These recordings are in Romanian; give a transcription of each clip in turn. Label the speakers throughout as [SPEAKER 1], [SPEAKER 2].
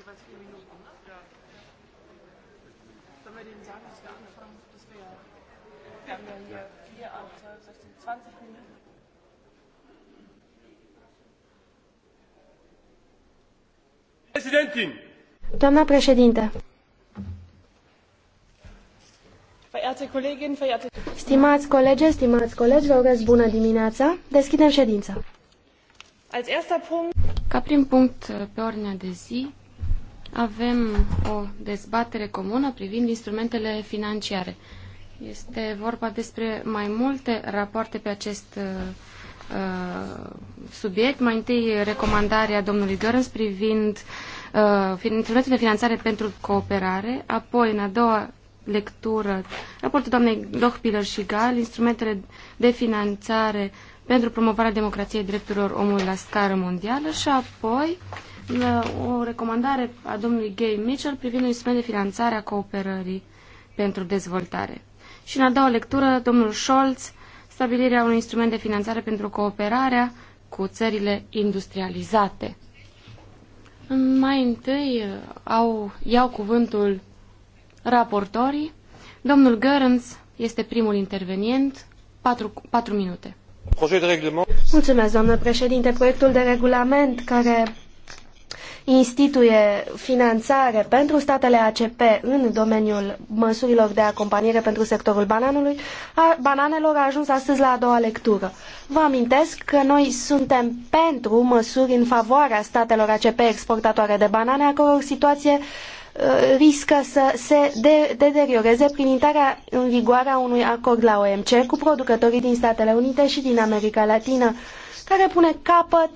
[SPEAKER 1] jeweils vier Minuten. Ne? Ja. wir denen sagen, dass wir angefangen haben, dass wir, ja hier vier Minuten.
[SPEAKER 2] Doamna președinte! Stimați colegi, stimați colegi, vă urez bună dimineața. Deschidem ședința. Ca prim punct
[SPEAKER 3] pe ordinea de zi, avem o dezbatere comună privind instrumentele financiare. Este vorba despre mai multe rapoarte pe acest uh, uh subiect. Mai întâi recomandarea domnului Görens privind uh, instrumentele financiare pentru cooperare, apoi în a doua lectură raportul doamnei Lochpiller și Gal, instrumentele de finanțare pentru promovarea democrației drepturilor omului la scară mondială și apoi uh, o recomandare a domnului Gay Mitchell privind un instrument de finanțare a cooperării pentru dezvoltare. Și în a doua lectură, domnul Scholz, stabilirea unui instrument de finanțare pentru cooperarea cu țările industrializate. Mai întâi uh, au, iau cuvântul raportorii. Domnul Gărânț este primul intervenient. Patru, patru minute.
[SPEAKER 2] Mulțumesc, doamnă președinte. Proiectul de regulament care instituie finanțare pentru statele ACP în domeniul măsurilor de acompaniere pentru sectorul bananului, a, bananelor a ajuns astăzi la a doua lectură. Vă amintesc că noi suntem pentru măsuri în favoarea statelor ACP exportatoare de banane, a căror situație uh, riscă să se deterioreze prin intrarea în vigoare a unui acord la OMC cu producătorii din Statele Unite și din America Latină, care pune capăt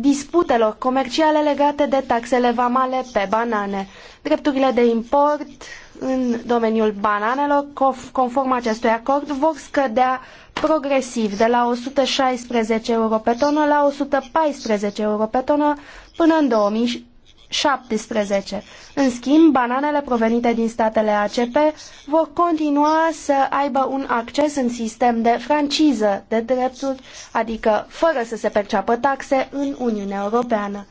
[SPEAKER 2] disputelor comerciale legate de taxele vamale pe banane. Drepturile de import în domeniul bananelor, conform acestui acord, vor scădea progresiv de la 116 euro pe tonă la 114 euro pe tonă până în 2000, 17. În schimb, bananele provenite din statele ACP vor continua să aibă un acces în sistem de franciză de drepturi, adică fără să se perceapă taxe în Uniunea Europeană.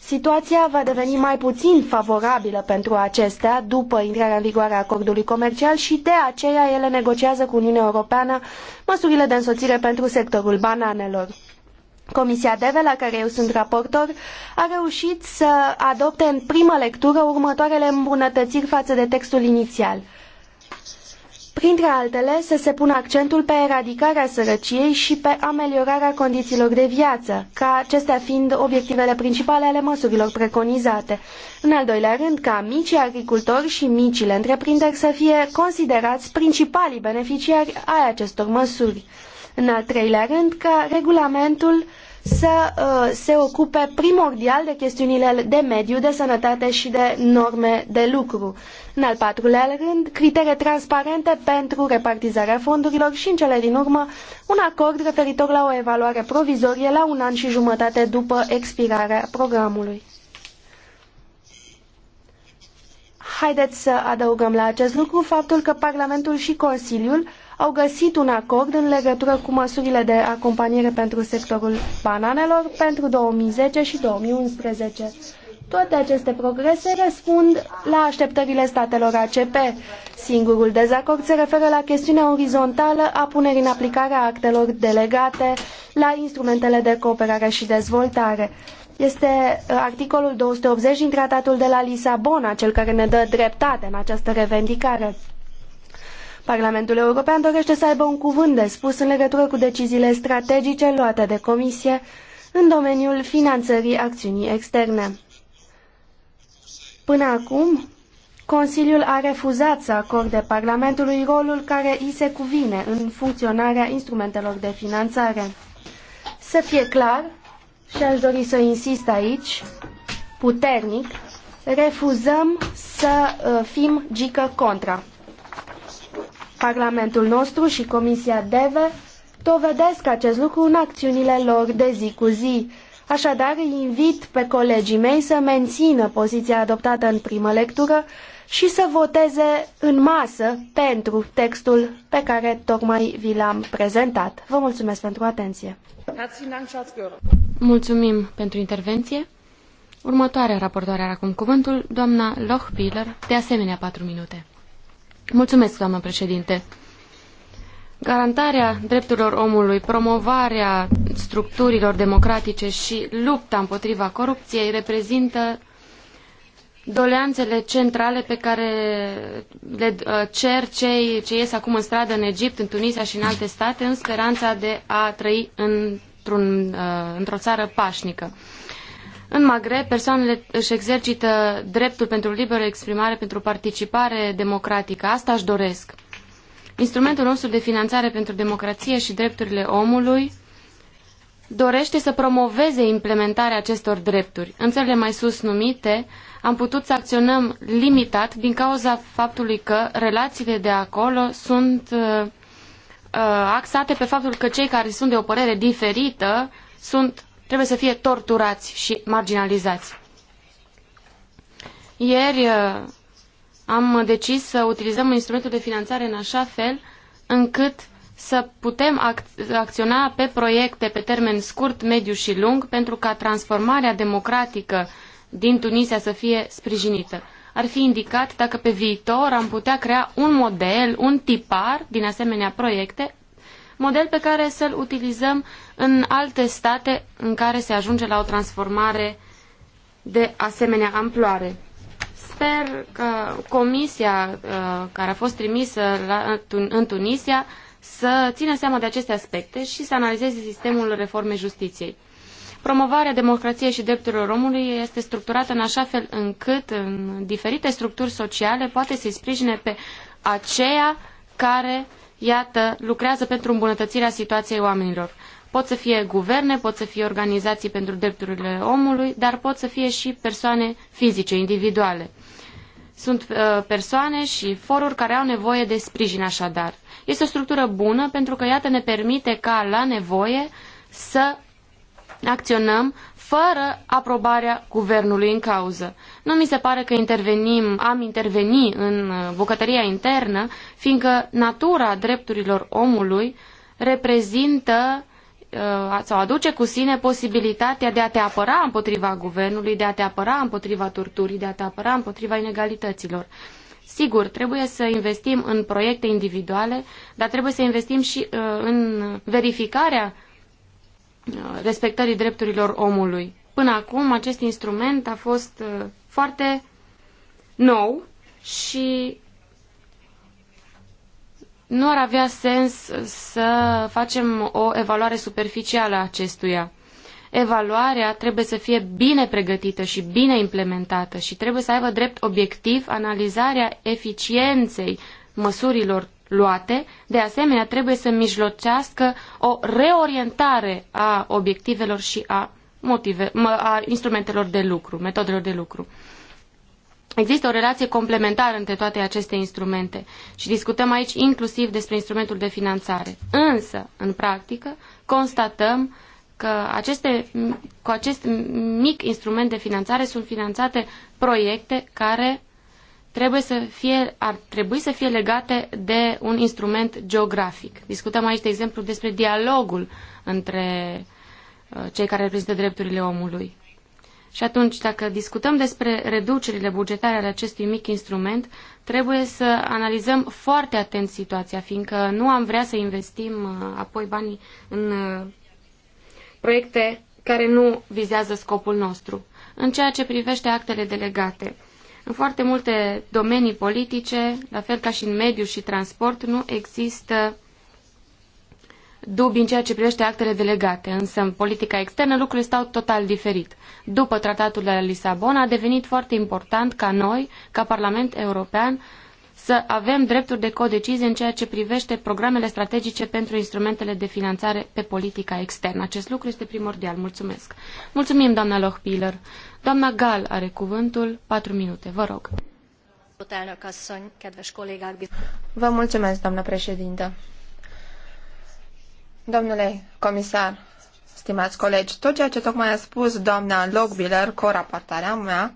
[SPEAKER 2] Situația va deveni mai puțin favorabilă pentru acestea după intrarea în vigoare a acordului comercial și de aceea ele negociază cu Uniunea Europeană măsurile de însoțire pentru sectorul bananelor. Comisia DEVE, la care eu sunt raportor, a reușit să adopte în primă lectură următoarele îmbunătățiri față de textul inițial. Printre altele, să se pună accentul pe eradicarea sărăciei și pe ameliorarea condițiilor de viață, ca acestea fiind obiectivele principale ale măsurilor preconizate. În al doilea rând, ca micii agricultori și micile întreprinderi să fie considerați principalii beneficiari ai acestor măsuri. În al treilea rând, ca regulamentul să uh, se ocupe primordial de chestiunile de mediu, de sănătate și de norme de lucru. În al patrulea rând, criterii transparente pentru repartizarea fondurilor și, în cele din urmă, un acord referitor la o evaluare provizorie la un an și jumătate după expirarea programului. Haideți să adăugăm la acest lucru faptul că Parlamentul și Consiliul au găsit un acord în legătură cu măsurile de acompaniere pentru sectorul bananelor pentru 2010 și 2011. Toate aceste progrese răspund la așteptările statelor ACP. Singurul dezacord se referă la chestiunea orizontală a punerii în aplicare a actelor delegate la instrumentele de cooperare și dezvoltare. Este uh, articolul 280 din Tratatul de la Lisabona, cel care ne dă dreptate în această revendicare. Parlamentul European dorește să aibă un cuvânt de spus în legătură cu deciziile strategice luate de Comisie în domeniul finanțării acțiunii externe. Până acum, Consiliul a refuzat să acorde Parlamentului rolul care îi se cuvine în funcționarea instrumentelor de finanțare. Să fie clar, și aș dori să insist aici, puternic, refuzăm să uh, fim gică contra. Parlamentul nostru și Comisia DEVE dovedesc acest lucru în acțiunile lor de zi cu zi. Așadar, îi invit pe colegii mei să mențină poziția adoptată în primă lectură și să voteze în masă pentru textul pe care tocmai vi l-am prezentat. Vă mulțumesc pentru atenție. Mulțumim pentru intervenție.
[SPEAKER 3] Următoarea raportoare are acum cuvântul, doamna Lochbiller, de asemenea 4 minute. Mulțumesc, doamnă președinte. Garantarea drepturilor omului, promovarea structurilor democratice și lupta împotriva corupției reprezintă doleanțele centrale pe care le uh, cer cei ce ies acum în stradă în Egipt, în Tunisia și în alte state, în speranța de a trăi uh, într-o într țară pașnică. În Maghreb, persoanele își exercită dreptul pentru liberă exprimare, pentru participare democratică. Asta își doresc. Instrumentul nostru de finanțare pentru democrație și drepturile omului dorește să promoveze implementarea acestor drepturi. În țările mai sus numite, am putut să acționăm limitat din cauza faptului că relațiile de acolo sunt uh, uh axate pe faptul că cei care sunt de o părere diferită sunt trebuie să fie torturați și marginalizați. Ieri uh, am decis să utilizăm instrumentul de finanțare în așa fel încât să putem ac- acționa pe proiecte pe termen scurt, mediu și lung pentru ca transformarea democratică din Tunisia să fie sprijinită. Ar fi indicat dacă pe viitor am putea crea un model, un tipar din asemenea proiecte model pe care să-l utilizăm în alte state în care se ajunge la o transformare de asemenea amploare. Sper că comisia uh, care a fost trimisă în Tunisia să țină seama de aceste aspecte și să analizeze sistemul reformei justiției. Promovarea democrației și drepturilor omului este structurată în așa fel încât în diferite structuri sociale poate să-i sprijine pe aceia care iată, lucrează pentru îmbunătățirea situației oamenilor. Pot să fie guverne, pot să fie organizații pentru drepturile omului, dar pot să fie și persoane fizice, individuale. Sunt uh, persoane și foruri care au nevoie de sprijin așadar. Este o structură bună pentru că, iată, ne permite ca la nevoie să acționăm fără aprobarea guvernului în cauză. Nu mi se pare că intervenim, am interveni în uh, bucătăria internă, fiindcă natura drepturilor omului reprezintă uh, sau aduce cu sine posibilitatea de a te apăra împotriva guvernului, de a te apăra împotriva torturii, de a te apăra împotriva inegalităților. Sigur, trebuie să investim în proiecte individuale, dar trebuie să investim și uh, în verificarea Uh, respectării drepturilor omului. Până acum, acest instrument a fost uh, foarte nou și nu ar avea sens să facem o evaluare superficială a acestuia. Evaluarea trebuie să fie bine pregătită și bine implementată și trebuie să aibă drept obiectiv analizarea eficienței măsurilor luate, de asemenea trebuie să mijlocească o reorientare a obiectivelor și a, motive, a instrumentelor de lucru, metodelor de lucru. Există o relație complementară între toate aceste instrumente și discutăm aici inclusiv despre instrumentul de finanțare. Însă, în practică, constatăm că aceste, cu acest mic instrument de finanțare sunt finanțate proiecte care trebuie să fie, ar trebui să fie legate de un instrument geografic. Discutăm aici, de exemplu, despre dialogul între uh, cei care reprezintă drepturile omului. Și atunci, dacă discutăm despre reducerile bugetare ale acestui mic instrument, trebuie să analizăm foarte atent situația, fiindcă nu am vrea să investim uh, apoi banii în uh, proiecte care nu vizează scopul nostru. În ceea ce privește actele delegate, în foarte multe domenii politice, la fel ca și în mediu și transport, nu există dubii în ceea ce privește actele delegate, însă în politica externă lucrurile stau total diferit. După tratatul de la Lisabona a devenit foarte important ca noi, ca Parlament European, să avem drepturi de codecizie în ceea ce privește programele strategice pentru instrumentele de finanțare pe politica externă. Acest lucru este primordial. Mulțumesc. Mulțumim, doamna Lochpiller. Doamna Gal are cuvântul. Patru minute. Vă rog. Vă mulțumesc, doamnă președintă.
[SPEAKER 4] Domnule comisar, stimați colegi, tot ceea ce tocmai a spus doamna Logbiller, coraportarea mea,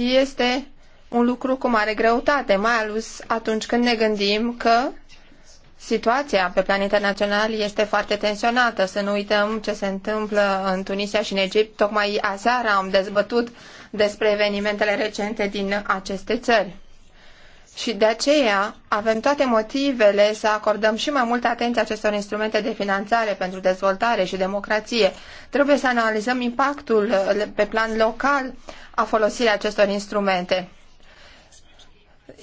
[SPEAKER 4] este un lucru cu mare greutate, mai ales atunci când ne gândim că situația pe plan internațional este foarte tensionată. Să nu uităm ce se întâmplă în Tunisia și în Egipt. Tocmai aseară am dezbătut despre evenimentele recente din aceste țări. Și de aceea avem toate motivele să acordăm și mai multă atenție acestor instrumente de finanțare pentru dezvoltare și democrație. Trebuie să analizăm impactul pe plan local a folosirii acestor instrumente.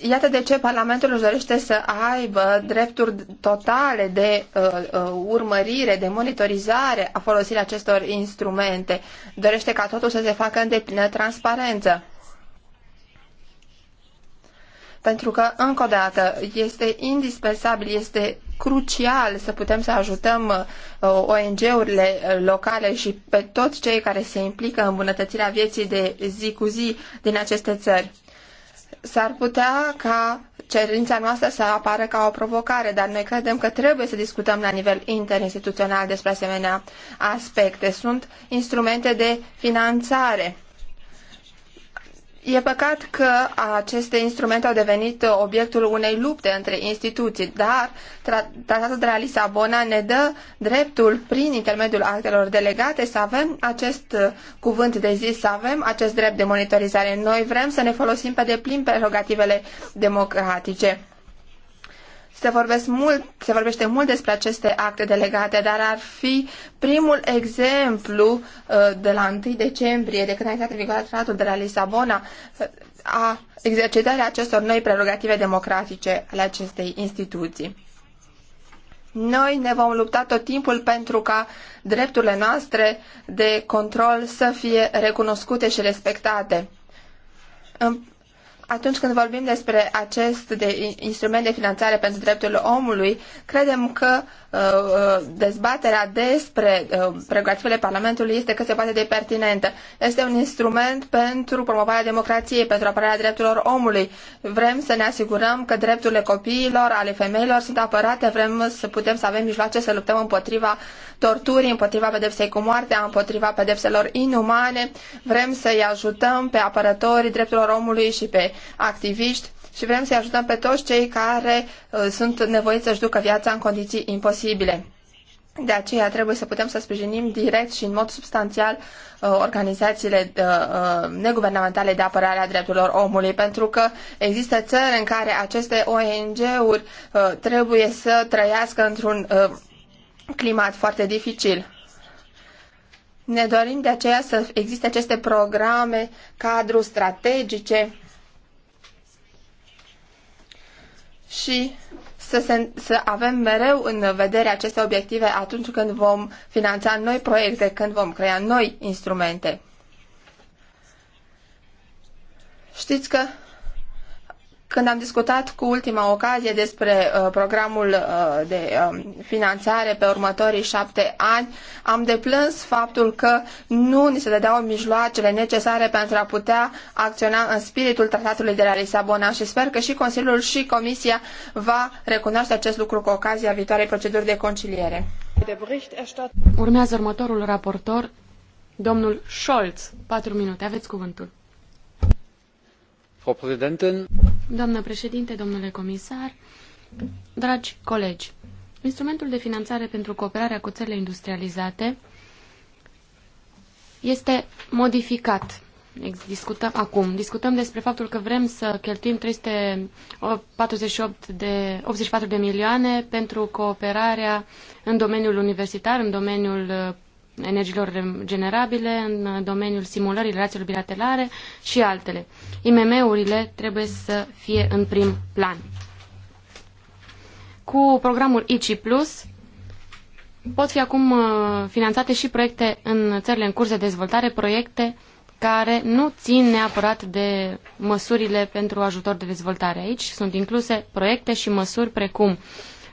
[SPEAKER 4] Iată de ce Parlamentul își dorește să aibă drepturi totale de uh, uh urmărire, de monitorizare a folosirii acestor instrumente. Dorește ca totul să se facă în deplină transparență pentru că, încă o dată, este indispensabil, este crucial să putem să ajutăm uh, ONG-urile uh, locale și pe toți cei care se implică în îmbunătățirea vieții de zi cu zi din aceste țări. S-ar putea ca cerința noastră să apară ca o provocare, dar noi credem că trebuie să discutăm la nivel interinstituțional despre asemenea aspecte. Sunt instrumente de finanțare E păcat că aceste instrumente au devenit obiectul unei lupte între instituții, dar tratatul de la Lisabona ne dă dreptul, prin intermediul actelor delegate, să avem acest uh, cuvânt de zi, să avem acest drept de monitorizare. Noi vrem să ne folosim pe deplin prerogativele democratice se, vorbesc mult, se vorbește mult despre aceste acte delegate, dar ar fi primul exemplu uh, de la 1 decembrie, de când a intrat în vigoare tratatul de la Lisabona, uh, a exercitării acestor noi prerogative democratice ale acestei instituții. Noi ne vom lupta tot timpul pentru ca drepturile noastre de control să fie recunoscute și respectate atunci când vorbim despre acest de instrument de finanțare pentru drepturile omului, credem că uh, uh, dezbaterea despre uh, prerogativele Parlamentului este cât se poate de pertinentă. Este un instrument pentru promovarea democrației, pentru apărarea drepturilor omului. Vrem să ne asigurăm că drepturile copiilor, ale femeilor sunt apărate, vrem să putem să avem mijloace să luptăm împotriva torturii, împotriva pedepsei cu moartea, împotriva pedepselor inumane, vrem să-i ajutăm pe apărătorii drepturilor omului și pe activiști și vrem să-i ajutăm pe toți cei care uh, sunt nevoiți să-și ducă viața în condiții imposibile. De aceea trebuie să putem să sprijinim direct și în mod substanțial uh, organizațiile uh, neguvernamentale de apărare a drepturilor omului, pentru că există țări în care aceste ONG-uri trebuie să trăiască într-un climat foarte dificil. Ne dorim de aceea să existe aceste programe, cadru strategice și să, se, să avem mereu în vedere aceste obiective atunci când vom finanța noi proiecte, când vom crea noi instrumente. Știți că când am discutat cu ultima ocazie despre uh, programul uh, de uh, finanțare pe următorii șapte ani, am deplâns faptul că nu ni se dădeau mijloacele necesare pentru a putea acționa în spiritul tratatului de la Lisabona și sper că și Consiliul și Comisia va recunoaște acest lucru cu ocazia viitoarei proceduri de conciliere.
[SPEAKER 3] Urmează următorul raportor, domnul Scholz. Patru minute, aveți cuvântul. Doamnă președinte, domnule comisar, dragi colegi, instrumentul de finanțare pentru cooperarea cu țările industrializate este modificat. Discutăm acum, discutăm despre faptul că vrem să cheltuim 348 de, 84 de milioane pentru cooperarea în domeniul universitar, în domeniul uh, energiilor regenerabile, în domeniul simulării relațiilor bilaterale și altele. IMM-urile trebuie să fie în prim plan. Cu programul ICI Plus pot fi acum uh, finanțate și proiecte în țările în curs de dezvoltare, proiecte care nu țin neapărat de măsurile pentru ajutor de dezvoltare. Aici sunt incluse proiecte și măsuri precum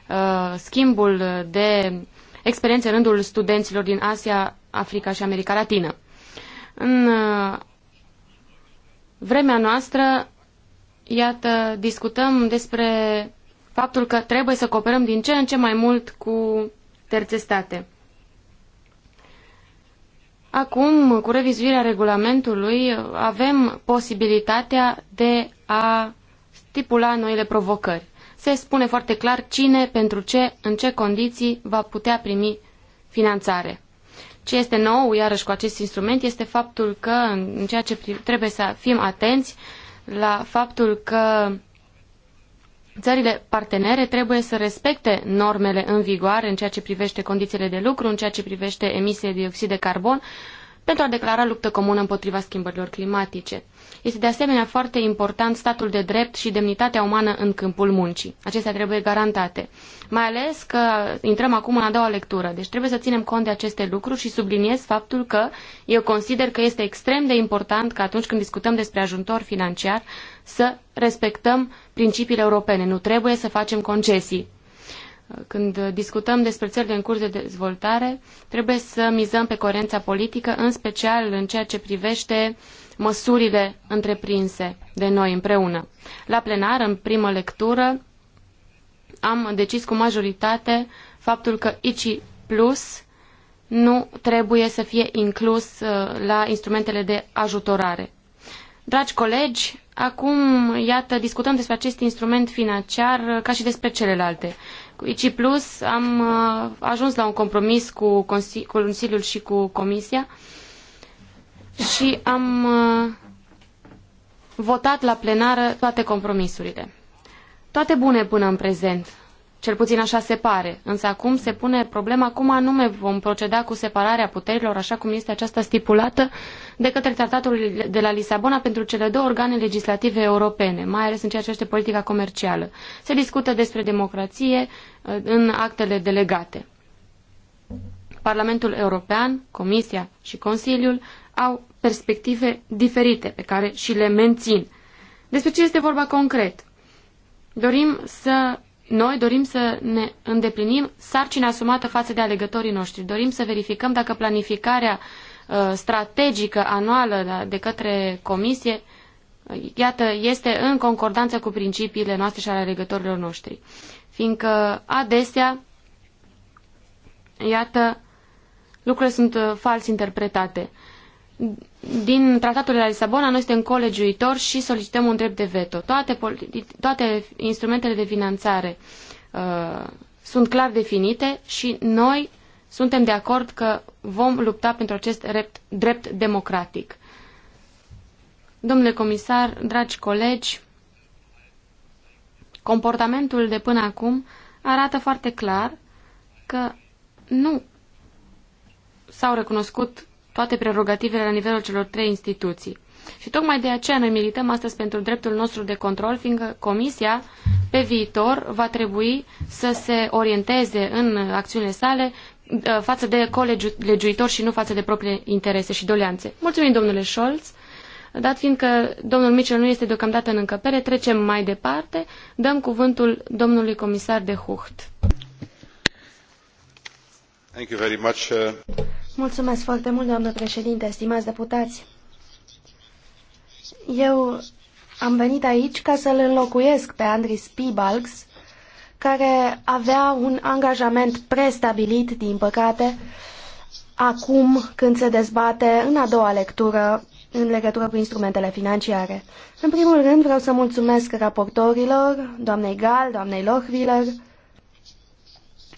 [SPEAKER 3] uh, schimbul de experiențe în rândul studenților din Asia, Africa și America Latină. În uh, vremea noastră, iată, discutăm despre faptul că trebuie să cooperăm din ce în ce mai mult cu terțe state. Acum, cu revizuirea regulamentului, avem posibilitatea de a stipula noile provocări se spune foarte clar cine, pentru ce, în ce condiții va putea primi finanțare. Ce este nou, iarăși, cu acest instrument este faptul că, în ceea ce trebuie să fim atenți la faptul că țările partenere trebuie să respecte normele în vigoare în ceea ce privește condițiile de lucru, în ceea ce privește emisiile de dioxid de carbon, pentru a declara luptă comună împotriva schimbărilor climatice. Este de asemenea foarte important statul de drept și demnitatea umană în câmpul muncii. Acestea trebuie garantate. Mai ales că intrăm acum în a doua lectură, deci trebuie să ținem cont de aceste lucruri și subliniez faptul că eu consider că este extrem de important că atunci când discutăm despre ajutor financiar să respectăm principiile europene. Nu trebuie să facem concesii când discutăm despre țările în curs de dezvoltare, trebuie să mizăm pe coerența politică, în special în ceea ce privește măsurile întreprinse de noi împreună. La plenar, în primă lectură, am decis cu majoritate faptul că ICI Plus nu trebuie să fie inclus uh, la instrumentele de ajutorare. Dragi colegi, acum, iată, discutăm despre acest instrument financiar uh, ca și despre celelalte. Cu ICI Plus am uh, ajuns la un compromis cu Consiliul și cu Comisia și am uh, votat la plenară toate compromisurile. Toate bune până în prezent. Cel puțin așa se pare. Însă acum se pune problema cum anume vom proceda cu separarea puterilor, așa cum este aceasta stipulată de către tratatul de la Lisabona pentru cele două organe legislative europene, mai ales în ceea ce este politica comercială. Se discută despre democrație uh, în actele delegate. Parlamentul European, Comisia și Consiliul au perspective diferite pe care și le mențin. Despre ce este vorba concret? Dorim să noi dorim să ne îndeplinim sarcina asumată față de alegătorii noștri. Dorim să verificăm dacă planificarea uh, strategică anuală da, de către Comisie, uh, iată, este în concordanță cu principiile noastre și ale alegătorilor noștri. Fiindcă adesea, iată, lucrurile sunt uh, fals interpretate din tratatul de la Lisabona, noi suntem colegiuitor și solicităm un drept de veto. Toate, toate instrumentele de finanțare uh, sunt clar definite și noi suntem de acord că vom lupta pentru acest drept, drept democratic. Domnule comisar, dragi colegi, comportamentul de până acum arată foarte clar că nu s-au recunoscut toate prerogativele la nivelul celor trei instituții. Și tocmai de aceea noi milităm astăzi pentru dreptul nostru de control, fiindcă Comisia pe viitor va trebui să se orienteze în acțiunile sale uh, față de colegiuitori și nu față de propriile interese și doleanțe. Mulțumim, domnule Scholz. Dat fiindcă domnul Mitchell nu este deocamdată în încăpere, trecem mai departe. Dăm cuvântul domnului comisar de Hucht.
[SPEAKER 4] Thank you very much. Uh,
[SPEAKER 2] Mulțumesc foarte mult, doamnă președinte, stimați deputați. Eu am venit aici ca să-l înlocuiesc pe Andris Pibalks, care avea un angajament prestabilit, din păcate, acum când se dezbate în a doua lectură în legătură cu instrumentele financiare. În primul rând vreau să mulțumesc raportorilor, doamnei Gal, doamnei Lochwiller,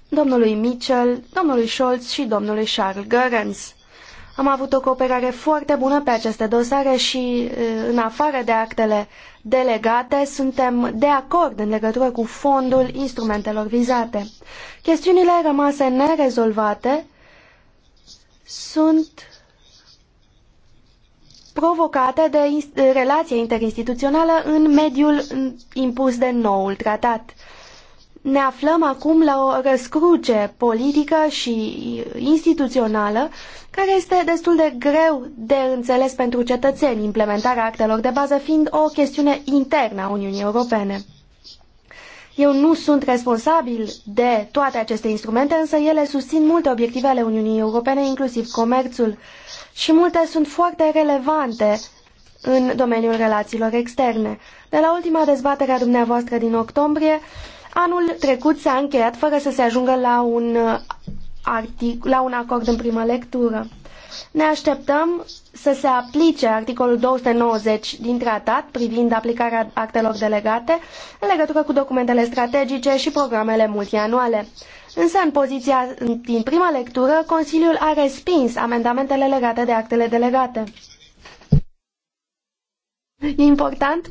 [SPEAKER 2] domnului Mitchell, domnului Scholz și domnului Charles Goerens. Am avut o cooperare foarte bună pe aceste dosare și, în afară de actele delegate, suntem de acord în legătură cu fondul instrumentelor vizate. Chestiunile rămase nerezolvate sunt provocate de relația interinstituțională în mediul impus de noul tratat. Ne aflăm acum la o răscruce politică și instituțională care este destul de greu de înțeles pentru cetățeni, implementarea actelor de bază fiind o chestiune internă a Uniunii Europene. Eu nu sunt responsabil de toate aceste instrumente, însă ele susțin multe obiective ale Uniunii Europene, inclusiv comerțul, și multe sunt foarte relevante în domeniul relațiilor externe. De la ultima dezbatere a dumneavoastră din octombrie, Anul trecut s-a încheiat fără să se ajungă la un, uh, artic, la un acord în primă lectură. Ne așteptăm să se aplice articolul 290 din tratat privind aplicarea actelor delegate în legătură cu documentele strategice și programele multianuale. Însă, în poziția din prima lectură, Consiliul a respins amendamentele legate de actele delegate. E important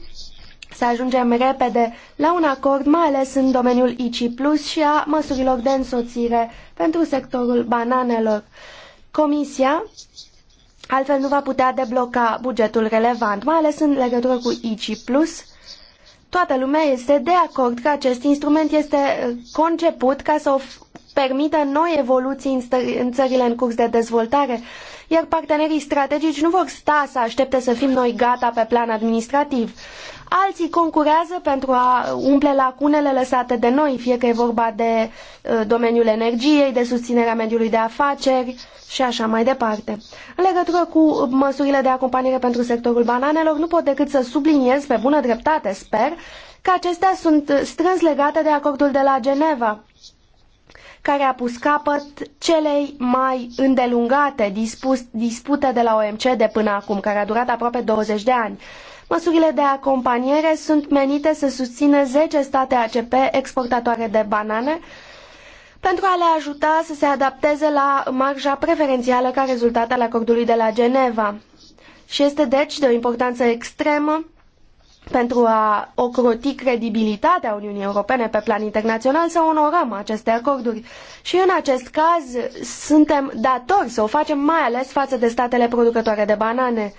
[SPEAKER 2] să ajungem repede la un acord, mai ales în domeniul ICI Plus și a măsurilor de însoțire pentru sectorul bananelor. Comisia altfel nu va putea debloca bugetul relevant, mai ales în legătură cu ICI Plus. Toată lumea este de acord că acest instrument este uh, conceput ca să permită noi evoluții în, în țările în curs de dezvoltare, iar partenerii strategici nu vor sta să aștepte să fim noi gata pe plan administrativ alții concurează pentru a umple lacunele lăsate de noi, fie că e vorba de uh, domeniul energiei, de susținerea mediului de afaceri și așa mai departe. În legătură cu măsurile de acompaniere pentru sectorul bananelor, nu pot decât să subliniez pe bună dreptate, sper, că acestea sunt strâns legate de acordul de la Geneva care a pus capăt celei mai îndelungate dispute de la OMC de până acum, care a durat aproape 20 de ani. Măsurile de acompaniere sunt menite să susțină 10 state ACP exportatoare de banane pentru a le ajuta să se adapteze la marja preferențială ca rezultat al acordului de la Geneva. Și este deci de o importanță extremă pentru a ocroti credibilitatea Uniunii Europene pe plan internațional să onorăm aceste acorduri. Și în acest caz suntem datori să o facem mai ales față de statele producătoare de banane.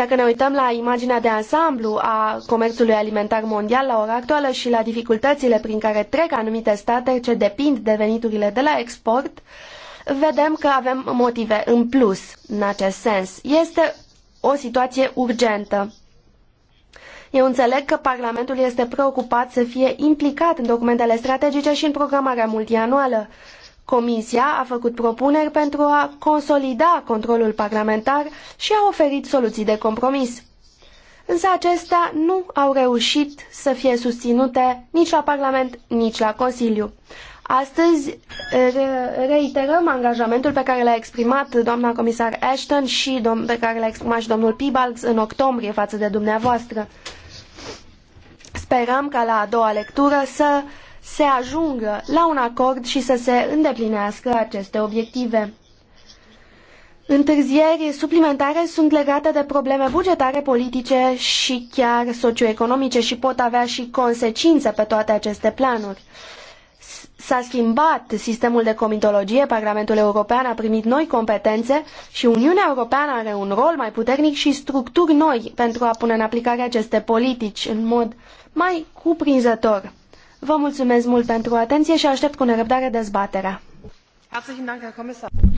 [SPEAKER 2] Dacă ne uităm la imaginea de ansamblu a comerțului alimentar mondial la ora actuală și la dificultățile prin care trec anumite state ce depind de veniturile de la export, vedem că avem motive în plus în acest sens. Este o situație urgentă. Eu înțeleg că Parlamentul este preocupat să fie implicat în documentele strategice și în programarea multianuală, Comisia a făcut propuneri pentru a consolida controlul parlamentar și a oferit soluții de compromis. Însă acestea nu au reușit să fie susținute nici la Parlament, nici la Consiliu. Astăzi reiterăm angajamentul pe care l-a exprimat doamna comisar Ashton și pe care l-a exprimat și domnul Piebalgs în octombrie față de dumneavoastră. Sperăm ca la a doua lectură să se ajungă la un acord și să se îndeplinească aceste obiective. Întârzierii suplimentare sunt legate de probleme bugetare, politice și chiar socioeconomice și pot avea și consecințe pe toate aceste planuri. S-a schimbat sistemul de comitologie, Parlamentul European a primit noi competențe și Uniunea Europeană are un rol mai puternic și structuri noi pentru a pune în aplicare aceste politici în mod mai cuprinzător. Vă mulțumesc mult pentru atenție și aștept cu nerăbdare dezbaterea.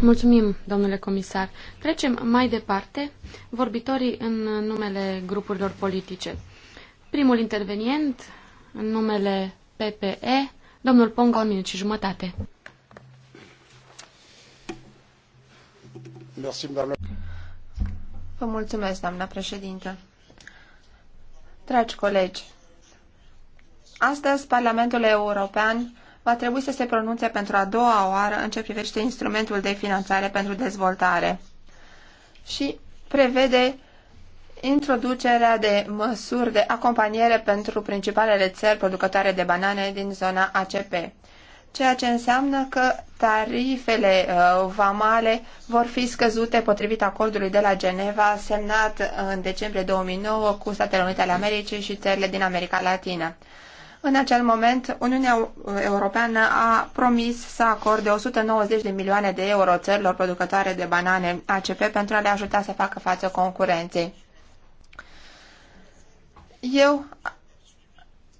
[SPEAKER 2] Mulțumim, domnule comisar. Trecem mai departe,
[SPEAKER 3] vorbitorii în numele grupurilor politice. Primul intervenient, în numele PPE, domnul Ponga, un minut și jumătate. Vă
[SPEAKER 4] mulțumesc, doamna președintă. Dragi colegi, Astăzi, Parlamentul European va trebui să se pronunțe pentru a doua oară în ce privește instrumentul de finanțare pentru dezvoltare și prevede introducerea de măsuri de acompaniere pentru principalele țări producătoare de banane din zona ACP, ceea ce înseamnă că tarifele uh, vamale vor fi scăzute potrivit acordului de la Geneva semnat în decembrie 2009 cu Statele Unite ale Americii și țările din America Latină. În acel moment, Uniunea Europeană a promis să acorde 190 de milioane de euro țărilor producătoare de banane ACP pentru a le ajuta să facă față concurenței. Eu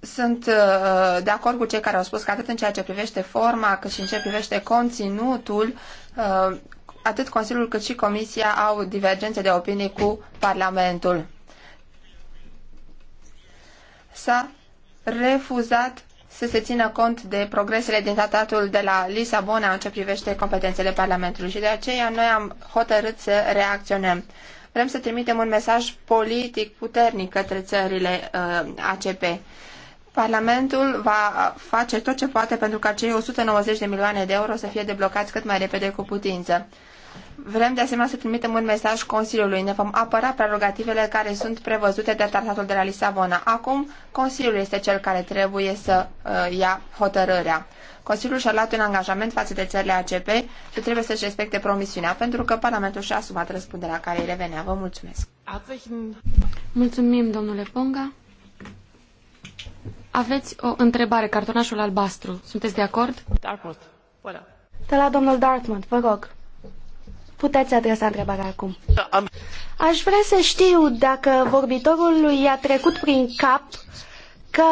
[SPEAKER 4] sunt uh, de acord cu cei care au spus că atât în ceea ce privește forma, cât și în ce privește conținutul, uh, atât Consiliul cât și Comisia au divergențe de opinii cu Parlamentul. S-a refuzat să se țină cont de progresele din tratatul de la Lisabona în ce privește competențele Parlamentului și de aceea noi am hotărât să reacționăm. Vrem să trimitem un mesaj politic puternic către țările uh, ACP. Parlamentul va face tot ce poate pentru ca cei 190 de milioane de euro să fie deblocați cât mai repede cu putință. Vrem de asemenea să trimitem un mesaj Consiliului. Ne vom apăra prerogativele care sunt prevăzute de Tratatul de la Lisabona. Acum, Consiliul este cel care trebuie să uh, ia hotărârea. Consiliul și-a luat un angajament față de țările ACP și trebuie să-și respecte promisiunea, pentru că Parlamentul și-a asumat răspunderea care îi revenea. Vă mulțumesc!
[SPEAKER 3] Mulțumim, domnule Ponga! Aveți o întrebare, cartonașul albastru. Sunteți de acord? Dartmouth. De la domnul
[SPEAKER 2] Dartmouth, vă rog. Puteți adresa întrebarea acum. Aș vrea să știu dacă vorbitorul lui a trecut prin cap că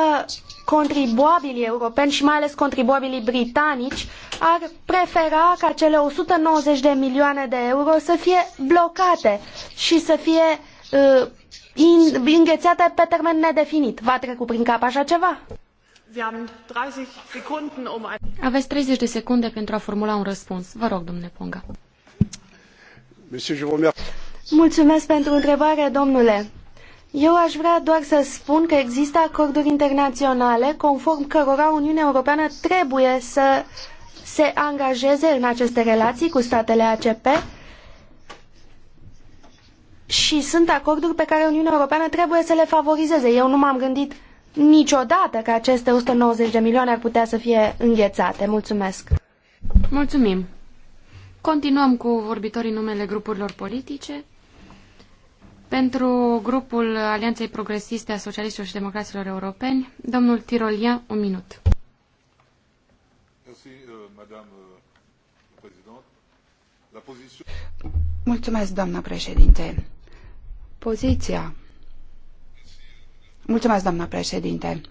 [SPEAKER 2] contribuabilii europeni și mai ales contribuabilii britanici ar prefera ca cele 190 de milioane de euro să fie blocate și să fie uh, in, înghețate pe termen nedefinit. V-a trecut prin cap așa ceva?
[SPEAKER 1] Um
[SPEAKER 3] Aveți 30 de secunde pentru a formula un răspuns. Vă rog, domnule Ponga.
[SPEAKER 2] Mulțumesc pentru întrebare, domnule. Eu aș vrea doar să spun că există acorduri internaționale conform cărora Uniunea Europeană trebuie să se angajeze în aceste relații cu statele ACP și sunt acorduri pe care Uniunea Europeană trebuie să le favorizeze. Eu nu m-am gândit niciodată că aceste 190 de milioane ar putea să fie înghețate. Mulțumesc! Mulțumim!
[SPEAKER 3] Continuăm cu vorbitorii numele grupurilor politice. Pentru grupul Alianței Progresiste a Socialiștilor și Democraților Europeni, domnul Tirolian, un minut.
[SPEAKER 4] Euh, euh,
[SPEAKER 1] Mulțumesc, doamna președinte. Poziția Mulțumesc, doamna președinte.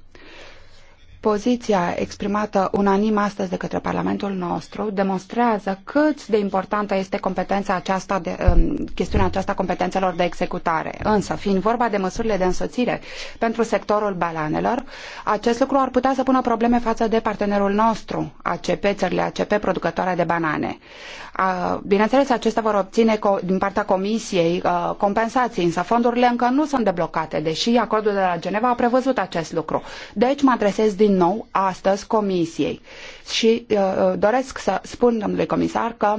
[SPEAKER 1] Poziția exprimată unanim astăzi de către Parlamentul nostru demonstrează cât de importantă este competența aceasta de, um, chestiunea aceasta competențelor de executare. Însă, fiind vorba de măsurile de însoțire pentru sectorul balanelor, acest lucru ar putea să pună probleme față de partenerul nostru, ACP, țările ACP producătoare de banane. Bineînțeles, acestea vor obține din partea Comisiei compensații, însă fondurile încă nu sunt deblocate, deși acordul de la Geneva a prevăzut acest lucru. Deci mă adresez din nou astăzi Comisiei și doresc să spun domnului comisar că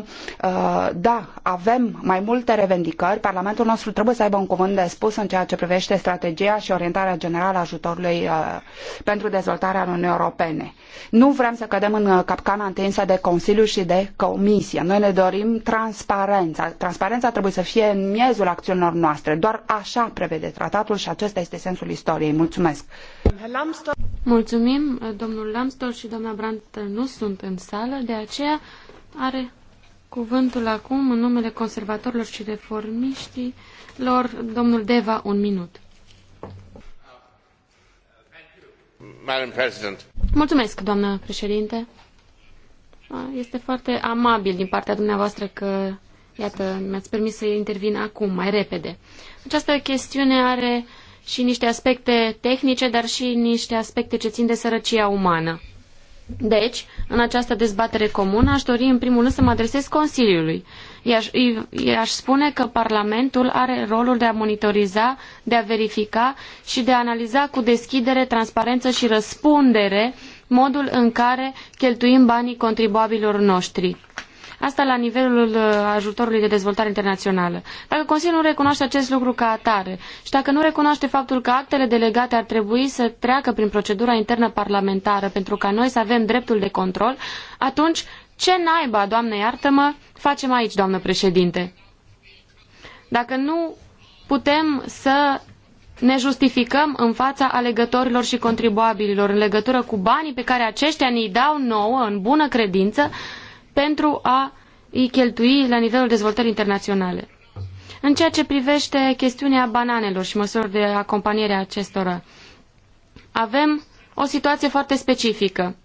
[SPEAKER 1] da, avem mai multe revendicări, Parlamentul nostru trebuie să aibă un cuvânt de spus în ceea ce privește strategia și orientarea generală a ajutorului pentru dezvoltarea Uniunii Europene. Nu vrem să cădem în uh, capcana întinsă de Consiliu și de Comisie. Noi ne ne dorim transparența. Transparența trebuie să fie în miezul acțiunilor noastre. Doar așa prevede tratatul și acesta este sensul istoriei. Mulțumesc!
[SPEAKER 3] Mulțumim! Domnul Lamstor și doamna Brandt nu sunt în sală, de aceea are cuvântul acum în numele conservatorilor și reformiștilor, domnul Deva, un minut. Mulțumesc, doamnă președinte! Este foarte amabil din partea dumneavoastră că, iată, mi-ați permis să intervin acum, mai repede. Această chestiune are și niște aspecte tehnice, dar și niște aspecte ce țin de sărăcia umană. Deci, în această dezbatere comună, aș dori în primul rând să mă adresez Consiliului. I-aș, i-aș spune că Parlamentul are rolul de a monitoriza, de a verifica și de a analiza cu deschidere, transparență și răspundere uh, modul în care cheltuim banii contribuabilor noștri. Asta la nivelul uh, ajutorului de dezvoltare internațională. Dacă Consiliul nu recunoaște acest lucru ca atare și dacă nu recunoaște faptul că actele delegate ar trebui să treacă prin procedura internă parlamentară pentru ca noi să avem dreptul de control, atunci ce naiba, doamnă iartă-mă, facem aici, doamnă președinte? Dacă nu putem să ne justificăm în fața alegătorilor și contribuabililor în legătură cu banii pe care aceștia ne-i dau nouă în bună credință pentru a îi cheltui la nivelul dezvoltării internaționale. În ceea ce privește chestiunea bananelor și măsurilor de acompaniere a acestora, avem o situație foarte specifică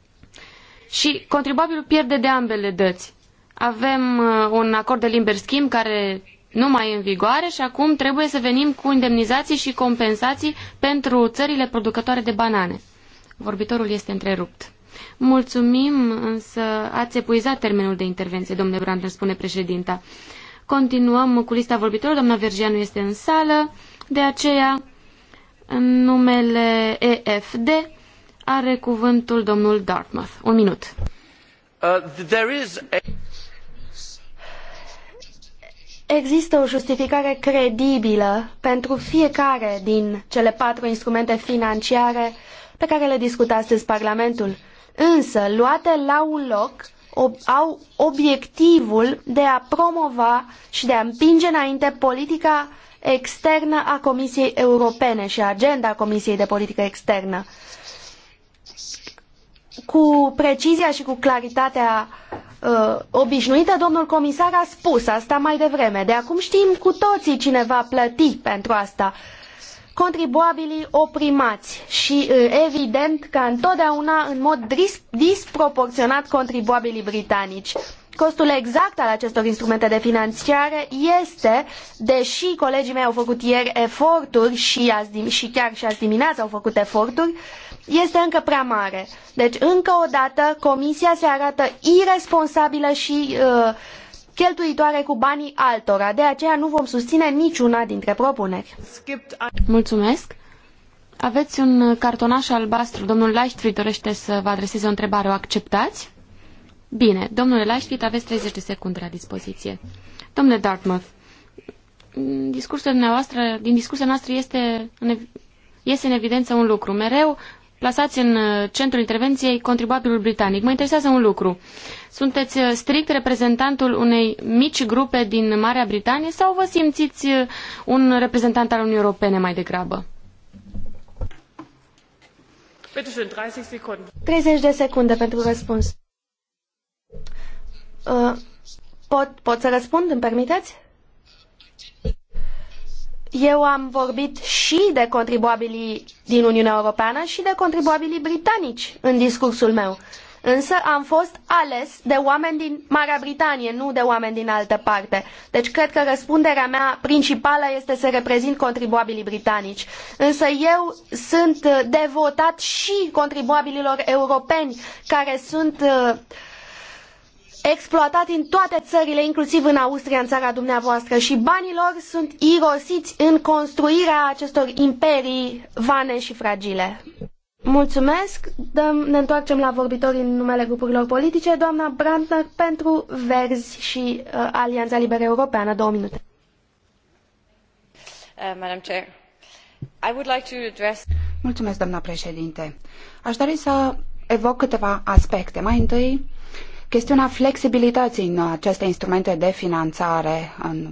[SPEAKER 3] și contribuabilul pierde de ambele dăți. Avem uh, un acord de liber schimb care nu mai e în vigoare și acum trebuie să venim cu indemnizații și compensații pentru țările producătoare de banane. Vorbitorul este întrerupt. Mulțumim, însă ați epuizat termenul de intervenție, domnule Brandner, spune președinta. Continuăm cu lista vorbitorilor. Doamna Vergea nu este în sală, de aceea, în numele EFD, are cuvântul domnul Dartmouth. Un minut.
[SPEAKER 5] Uh,
[SPEAKER 2] Există o justificare credibilă pentru fiecare din cele patru instrumente financiare pe care le discută astăzi Parlamentul. Însă, luate la un loc, au obiectivul de a promova și de a împinge înainte politica externă a Comisiei Europene și agenda Comisiei de Politică Externă cu precizia și cu claritatea uh, obișnuită, domnul comisar a spus asta mai devreme. De acum știm cu toții cine va plăti pentru asta. Contribuabilii oprimați și uh, evident ca întotdeauna în mod dis disproporționat contribuabilii britanici. Costul exact al acestor instrumente de finanțare este, deși colegii mei au făcut ieri eforturi și, azi, și chiar și azi dimineață au făcut eforturi, este încă prea mare. Deci, încă o dată, Comisia se arată irresponsabilă și uh, cheltuitoare cu banii altora. De aceea nu vom susține niciuna dintre propuneri. Mulțumesc. Aveți un cartonaș albastru. Domnul Leichtfried
[SPEAKER 3] dorește să vă adreseze o întrebare. O acceptați? Bine, domnule Lightfried, aveți 30 de secunde la dispoziție. Domnule Dartmouth, discursul noastră, din discursul noastră este, este în evidență un lucru. Mereu plasați în uh, centrul intervenției contribuabilul britanic. Mă interesează un lucru. Sunteți uh, strict reprezentantul unei mici grupe din Marea Britanie sau vă simțiți uh, un reprezentant al Uniunii Europene mai degrabă? 30 de secunde pentru
[SPEAKER 2] răspuns. Uh, pot, pot să răspund, îmi permiteți? Eu am vorbit și de contribuabilii din Uniunea Europeană și de contribuabilii britanici în discursul meu. Însă am fost ales de oameni din Marea Britanie, nu de oameni din altă parte. Deci cred că răspunderea mea principală este să reprezint contribuabilii britanici. Însă eu sunt devotat și contribuabililor europeni care sunt uh, exploatat în toate țările, inclusiv în Austria, în țara dumneavoastră, și banii lor sunt irosiți în construirea acestor imperii vane și fragile. Mulțumesc. Dăm, ne întoarcem la vorbitorii în numele grupurilor politice. Doamna Brandner pentru Verzi și uh, Alianța Liberă Europeană. Două minute.
[SPEAKER 5] Uh,
[SPEAKER 3] Madam Chair, I would like to address...
[SPEAKER 2] Mulțumesc, doamna președinte. Aș dori să
[SPEAKER 1] evoc câteva aspecte. Mai întâi, chestiunea flexibilității în aceste instrumente de finanțare în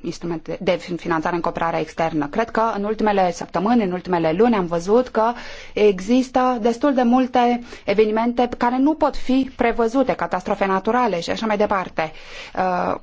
[SPEAKER 1] instrumente de finanțare în cooperare externă. Cred că în ultimele săptămâni, în ultimele luni am văzut că există destul de multe evenimente care nu pot fi prevăzute, catastrofe naturale și așa mai departe. Uh,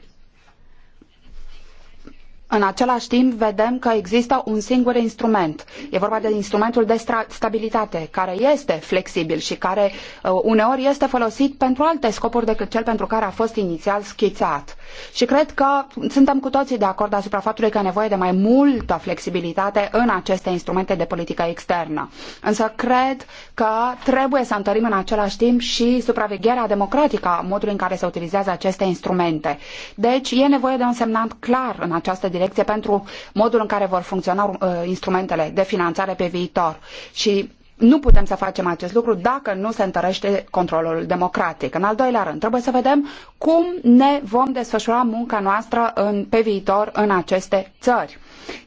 [SPEAKER 1] în același timp vedem că există un singur instrument. E vorba de instrumentul de stabilitate, care este flexibil și care uh, uneori este folosit pentru alte scopuri decât cel pentru care a fost inițial schițat. Și cred că suntem cu toții de acord asupra faptului că e nevoie de mai multă flexibilitate în aceste instrumente de politică externă. Însă cred că trebuie să întărim în același timp și supravegherea democratică a modului în care se utilizează aceste instrumente. Deci e nevoie de un semnant clar în această direcție pentru modul în care vor funcționa uh, instrumentele de finanțare pe viitor. Și nu putem să facem acest lucru dacă nu se întărește controlul democratic. În al doilea rând, trebuie să vedem cum ne vom desfășura munca noastră în, pe viitor în aceste țări.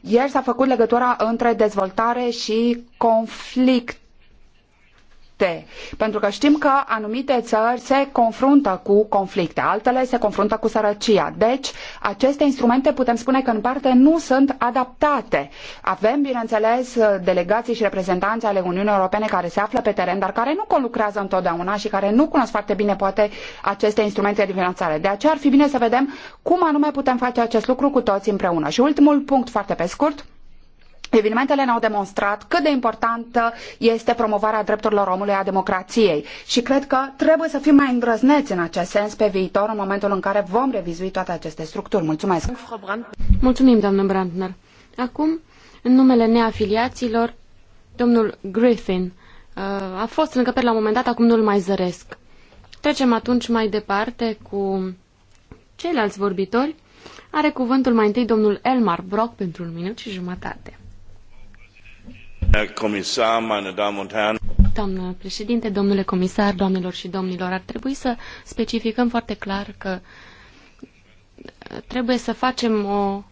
[SPEAKER 1] Ieri s-a făcut legătura între dezvoltare și conflict conflicte, pentru că știm că anumite țări se confruntă cu conflicte, altele se confruntă cu sărăcia. Deci, aceste instrumente putem spune că în parte nu sunt adaptate. Avem, bineînțeles, delegații și reprezentanți ale Uniunii Europene care se află pe teren, dar care nu conlucrează întotdeauna și care nu cunosc foarte bine, poate, aceste instrumente de finanțare. De aceea ar fi bine să vedem cum anume putem face acest lucru cu toți împreună. Și ultimul punct, foarte pe scurt, Evenimentele ne-au demonstrat cât de importantă este promovarea drepturilor omului a democrației și cred că trebuie să fim mai îndrăzneți în acest sens pe viitor în momentul în care
[SPEAKER 3] vom revizui toate aceste structuri. Mulțumesc! Mulțumim, doamnă Brandner. Acum, în numele neafiliaților, domnul Griffin uh, a fost în încăpere la un moment dat, acum nu-l mai zăresc. Trecem atunci mai departe cu ceilalți vorbitori. Are cuvântul mai întâi domnul Elmar Brock pentru un minut și jumătate. Doamnă președinte, domnule comisar, doamnelor și domnilor, ar trebui să specificăm foarte clar că trebuie să facem o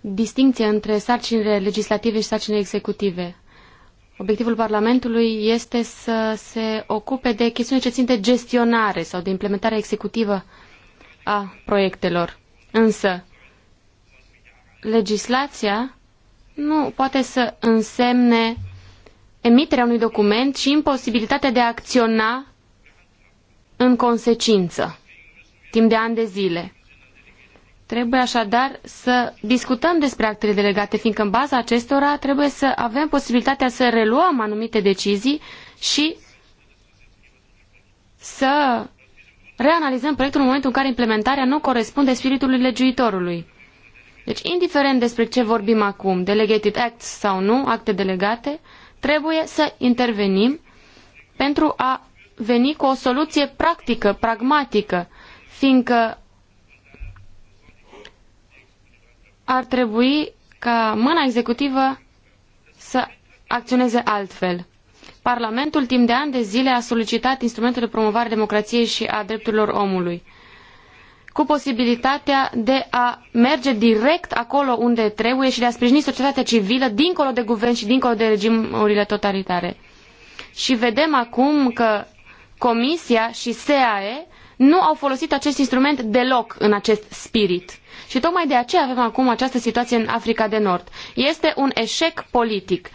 [SPEAKER 3] distinție între sarcinile legislative și sarcinile executive. Obiectivul Parlamentului este să se ocupe de chestiuni ce țin de gestionare sau de implementare executivă a proiectelor. Însă, legislația nu poate să însemne emiterea unui document și imposibilitatea de a acționa în consecință, timp de ani de zile. Trebuie așadar să discutăm despre actele delegate, fiindcă în baza acestora trebuie să avem posibilitatea să reluăm anumite decizii și să reanalizăm proiectul în momentul în care implementarea nu corespunde spiritului legiuitorului. Deci, indiferent despre ce vorbim acum, delegated acts sau nu, acte delegate, trebuie să intervenim pentru a veni cu o soluție practică, pragmatică, fiindcă ar trebui ca mâna executivă să acționeze altfel. Parlamentul timp de ani de zile a solicitat instrumentul de promovare a democrației și a drepturilor omului cu posibilitatea de a merge direct acolo unde trebuie și de a sprijini societatea civilă dincolo de guvern și dincolo de regimurile totalitare. Și vedem acum că Comisia și SAE nu au folosit acest instrument deloc în acest spirit. Și tocmai de aceea avem acum această situație în Africa de Nord. Este un eșec politic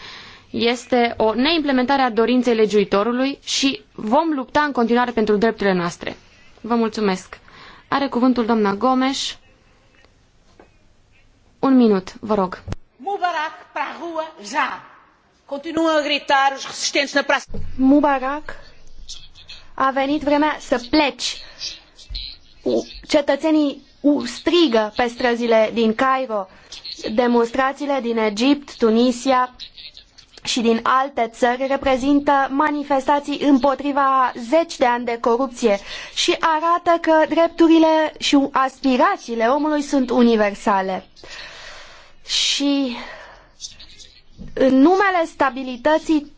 [SPEAKER 3] este o neimplementare a dorinței legiuitorului și vom lupta în continuare pentru drepturile noastre. Vă mulțumesc. Are cuvântul doamna Gomes. Un minut, vă rog.
[SPEAKER 2] Mubarak
[SPEAKER 1] pra rua já. Continuă a gritar os resistentes na praça.
[SPEAKER 2] Mubarak, a venit vremea să pleci. Cetățenii strigă pe străzile din Cairo. Demonstrațiile din Egipt, Tunisia, și din alte țări reprezintă manifestații împotriva zeci de ani de corupție și arată că drepturile și aspirațiile omului sunt universale. Și în numele stabilității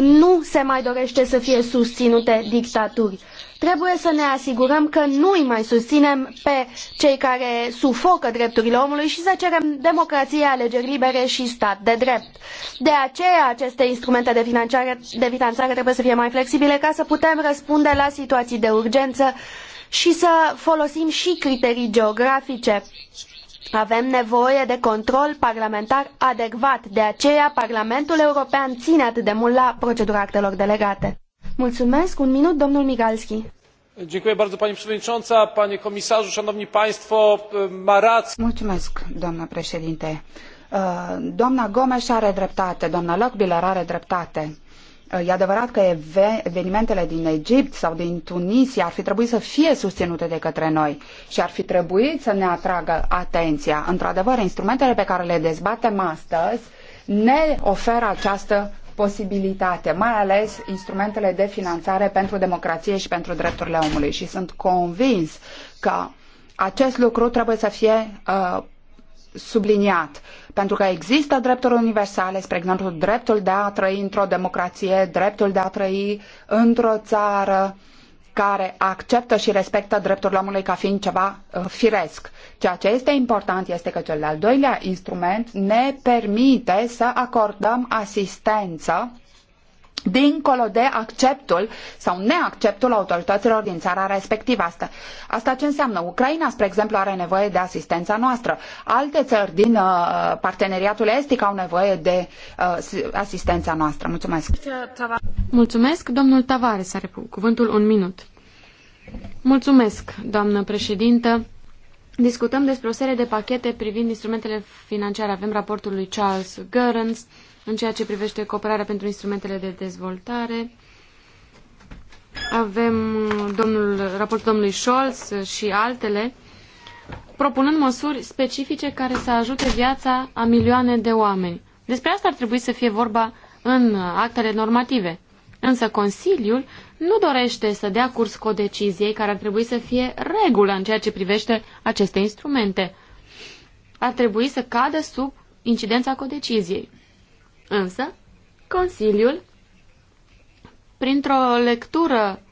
[SPEAKER 2] nu se mai dorește să fie susținute dictaturi. Trebuie să ne asigurăm că nu îi mai susținem pe cei care sufocă drepturile omului și să cerem democrație, alegeri libere și stat de drept. De aceea, aceste instrumente de finanțare, de finanțare trebuie să fie mai flexibile ca să putem răspunde la situații de urgență și să folosim și criterii geografice. Avem nevoie de control parlamentar adecvat, de aceea Parlamentul European ține atât de mult la procedura actelor delegate. Mulțumesc. Un minut, domnul Migalski.
[SPEAKER 6] Dziękuję bardzo pani przewodnicząca, panie komisarzu,
[SPEAKER 5] szanowni państwo, ma rację.
[SPEAKER 1] Mulțumesc, doamna președinte. Uh, doamna Gomes are dreptate, doamna Lockbiller are dreptate. Uh, e adevărat că evenimentele din Egipt sau din Tunisia ar fi trebuit să fie susținute de către noi și ar fi trebuit să ne atragă atenția. Într-adevăr, instrumentele pe care le dezbatem astăzi ne oferă această posibilitate, mai ales instrumentele de finanțare pentru democrație și pentru drepturile omului. Și sunt convins că acest lucru trebuie să fie uh, subliniat, pentru că există drepturi universale, spre exemplu, dreptul de a trăi într-o democrație, dreptul de a trăi într-o țară uh, care acceptă și respectă drepturile omului ca fiind ceva uh, firesc. Ceea ce este important este că cel de-al doilea instrument ne permite să acordăm asistență dincolo de acceptul sau neacceptul autorităților din țara respectivă. Asta, asta ce înseamnă? Ucraina, spre exemplu, are nevoie de asistența noastră. Alte țări din uh, parteneriatul estic au nevoie de uh, asistența noastră. Mulțumesc.
[SPEAKER 3] Mulțumesc. Domnul Tavares are cuvântul un minut. Mulțumesc, doamnă președintă. Discutăm despre o serie de pachete privind instrumentele financiare. Avem raportul lui Charles Gerens, în ceea ce privește cooperarea pentru instrumentele de dezvoltare. Avem uh, domnul, raportul domnului Scholz și altele, propunând măsuri specifice care să ajute viața a milioane de oameni. Despre asta ar trebui să fie vorba în actele normative. Însă Consiliul nu dorește să dea curs decizie care ar trebui să fie regulă în ceea ce privește aceste instrumente. Ar trebui să cadă sub incidența codeciziei. Însă, Consiliul, printr-o lectură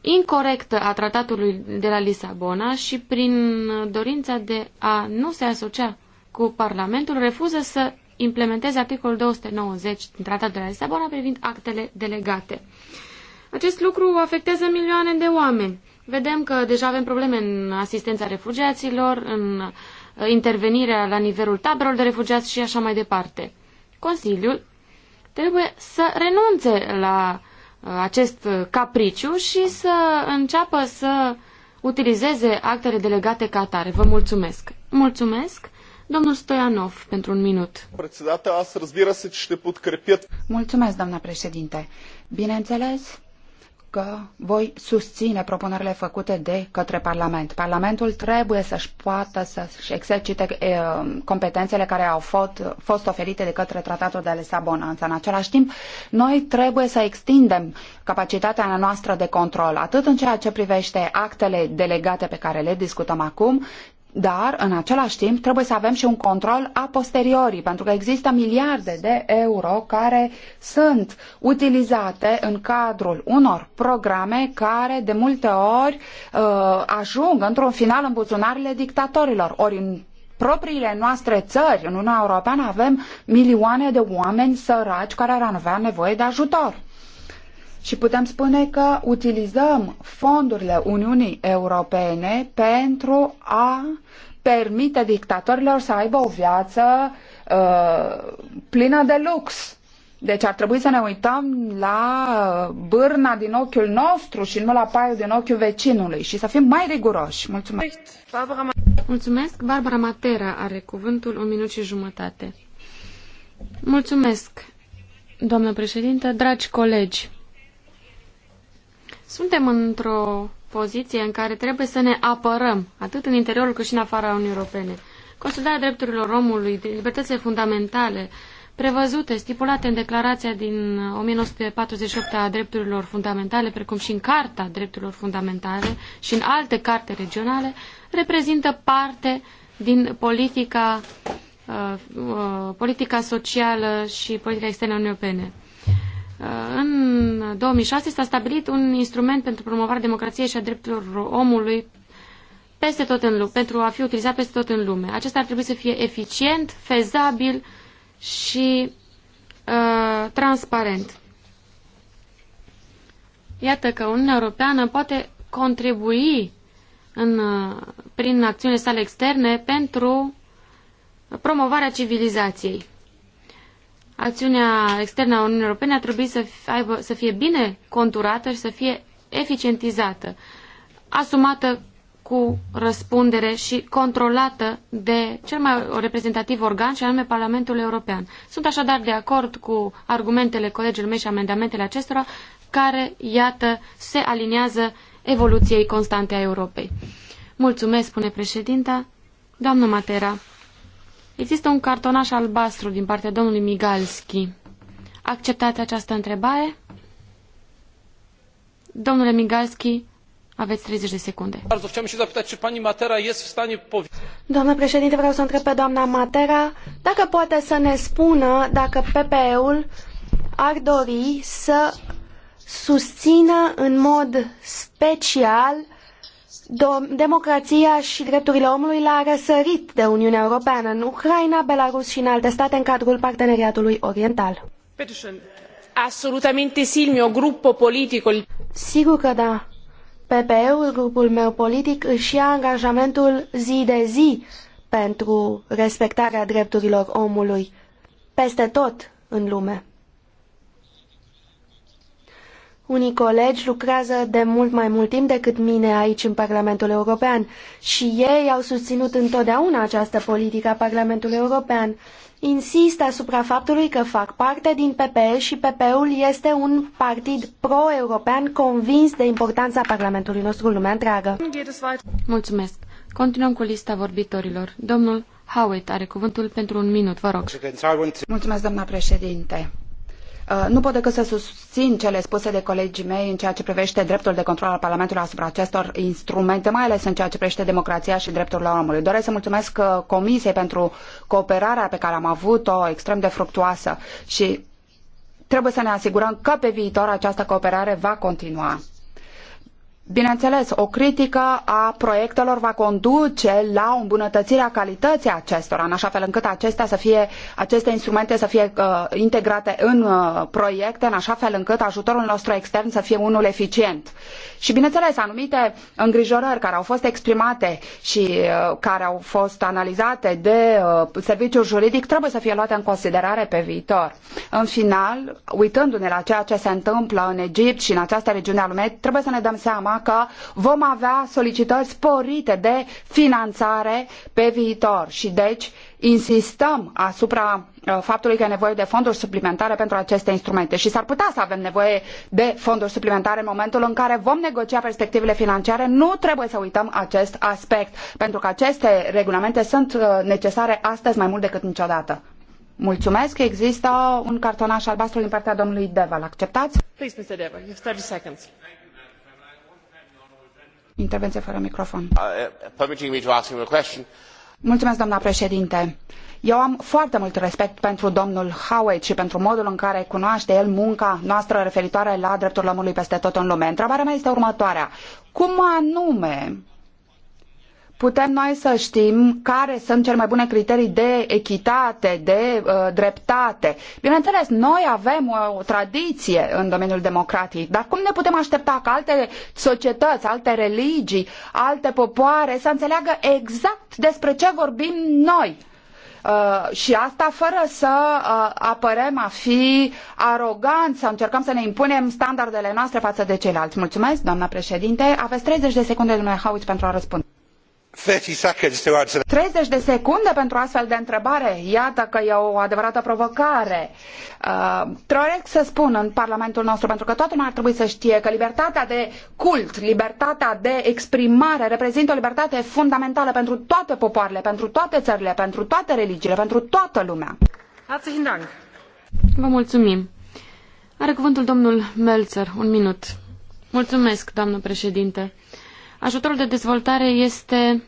[SPEAKER 3] incorrectă a tratatului de la Lisabona și prin dorința de a nu se asocia cu Parlamentul, refuză să implementeze articolul 290 din tratatul de la Lisabona privind actele delegate. Acest lucru afectează milioane de oameni. Vedem că deja avem probleme în asistența refugiaților, în uh, intervenirea la nivelul taberelor de refugiați și așa mai departe. Consiliul trebuie să renunțe la uh, acest capriciu și să înceapă să utilizeze actele delegate ca atare. Vă mulțumesc. Mulțumesc. Domnul Stoianov, pentru un minut. Mulțumesc, doamna președinte. Bineînțeles,
[SPEAKER 1] că voi susține propunerile făcute de către Parlament. Parlamentul trebuie să-și poată să-și exercite competențele care au fost, fost oferite de către Tratatul de Lisabona. Însă, în același timp, noi trebuie să extindem capacitatea noastră de control, atât în ceea ce privește actele delegate pe care le discutăm acum, dar, în același timp, trebuie să avem și un control a posteriori, pentru că există miliarde de euro care sunt utilizate în cadrul unor programe care, de multe ori, uh, ajung într-un final în buzunarele dictatorilor. Ori în propriile noastre țări, în Uniunea Europeană, avem milioane de oameni săraci care ar avea nevoie de ajutor și putem spune că utilizăm fondurile Uniunii Europene pentru a permite dictatorilor să aibă o viață uh, plină de lux. Deci ar trebui să ne uităm la uh, bârna din ochiul nostru și nu la paiul din ochiul vecinului și să fim mai riguroși. Mulțumesc!
[SPEAKER 3] Mulțumesc! Barbara Matera are cuvântul un minut și jumătate. Mulțumesc, doamnă președintă, dragi colegi! Suntem într-o poziție în care trebuie să ne apărăm, atât în interiorul cât și în afara Uniunii Europene. Consolidarea drepturilor omului, libertățile fundamentale, prevăzute, stipulate în declarația din 1948 a drepturilor fundamentale, precum și în Carta Drepturilor Fundamentale și în alte carte regionale, reprezintă parte din politica, uh, uh, politica socială și politica externă a Uniunii Europene. În 2006 s-a stabilit un instrument pentru promovarea democrației și a drepturilor omului peste tot în lume, pentru a fi utilizat peste tot în lume. Acesta ar trebui să fie eficient, fezabil și uh, transparent. Iată că Uniunea Europeană poate contribui în, uh, prin acțiunile sale externe pentru promovarea civilizației acțiunea externă a Uniunii Europene ar trebui să, aibă, să fie bine conturată și să fie eficientizată, asumată cu răspundere și controlată de cel mai reprezentativ organ și anume Parlamentul European. Sunt așadar de acord cu argumentele colegilor mei și amendamentele acestora care, iată, se aliniază evoluției constante a Europei. Mulțumesc, spune președinta. Doamnă Matera, Există un cartonaș albastru din partea domnului Migalski. Acceptați această întrebare? Domnule Migalski, aveți 30 de secunde.
[SPEAKER 2] Doamnă președinte, vreau să întreb pe doamna Matera dacă poate să ne spună dacă PPE-ul ar dori să susțină în mod special democrația și drepturile omului l-a răsărit de Uniunea Europeană în Ucraina, Belarus și în alte state în cadrul parteneriatului oriental.
[SPEAKER 3] Absolutamente sì, il mio gruppo
[SPEAKER 2] politico. Sigur că da. PPE-ul, grupul meu politic, își ia angajamentul zi de zi pentru respectarea drepturilor omului peste tot în lume. Unii colegi lucrează de mult mai mult timp decât mine aici în Parlamentul European și ei au susținut întotdeauna această politică a Parlamentului European. Insist asupra faptului că fac parte din PPE și PPE-ul este un partid pro-european convins de importanța Parlamentului nostru în lumea întreagă. Mulțumesc.
[SPEAKER 3] Continuăm cu lista vorbitorilor. Domnul Howitt are cuvântul pentru un minut, vă rog. Mulțumesc, doamna președinte. Uh, nu pot decât să susțin cele spuse de colegii
[SPEAKER 1] mei în ceea ce privește dreptul de control al Parlamentului asupra acestor instrumente, mai ales în ceea ce privește democrația și drepturile omului. Doresc să mulțumesc uh, Comisiei pentru cooperarea pe care am avut-o extrem de fructuoasă și trebuie să ne asigurăm că pe viitor această cooperare va continua. Bineînțeles, o critică a proiectelor va conduce la o îmbunătățire a calității acestora, în așa fel încât acestea să fie, aceste instrumente să fie uh, integrate în uh, proiecte, în așa fel încât ajutorul nostru extern să fie unul eficient. Și bineînțeles, anumite îngrijorări care au fost exprimate și uh, care au fost analizate de uh, serviciul juridic trebuie să fie luate în considerare pe viitor. În final, uitându-ne la ceea ce se întâmplă în Egipt și în această regiune a lumii, trebuie să ne dăm seama că vom avea solicitări sporite de finanțare pe viitor și deci insistăm asupra uh, faptului că e nevoie de fonduri suplimentare pentru aceste instrumente și s-ar putea să avem nevoie de fonduri suplimentare în momentul în care vom negocia perspectivele financiare, nu trebuie să uităm acest aspect, pentru că aceste regulamente sunt uh, necesare astăzi mai mult decât niciodată. Mulțumesc. Există un cartonaș albastru din partea domnului Deva. acceptați Please, Mr. Deva, you have 30 seconds. Intervenție fără microfon.
[SPEAKER 6] Uh, uh,
[SPEAKER 1] Mulțumesc, președinte. Eu am foarte mult respect pentru domnul Howitt și pentru modul în care cunoaște el munca noastră referitoare la drepturile omului peste tot în lume. Întrebarea mea este următoarea. Cum anume putem noi să știm care sunt cele mai bune criterii de echitate, de uh, dreptate. Bineînțeles, noi avem o, uh, o tradiție în domeniul democratic, dar cum ne putem aștepta ca alte societăți, alte religii, alte popoare să înțeleagă exact despre ce vorbim noi? Uh, și asta fără să uh, apărăm a fi aroganți, să încercăm să ne impunem standardele noastre față de ceilalți. Mulțumesc, doamna președinte. Aveți 30 de secunde, domnule Hauici, pentru a răspunde. 30 de secunde pentru astfel de întrebare? Iată că e o adevărată provocare. Uh, Trorec să spun în Parlamentul nostru, pentru că toată lumea ar trebui să știe că libertatea de cult, libertatea de exprimare reprezintă o libertate fundamentală pentru toate popoarele, pentru toate țările, pentru toate religiile, pentru toată lumea.
[SPEAKER 3] Vă mulțumim. Are cuvântul domnul Melzer. Un minut. Mulțumesc, doamnă președinte. Ajutorul de dezvoltare este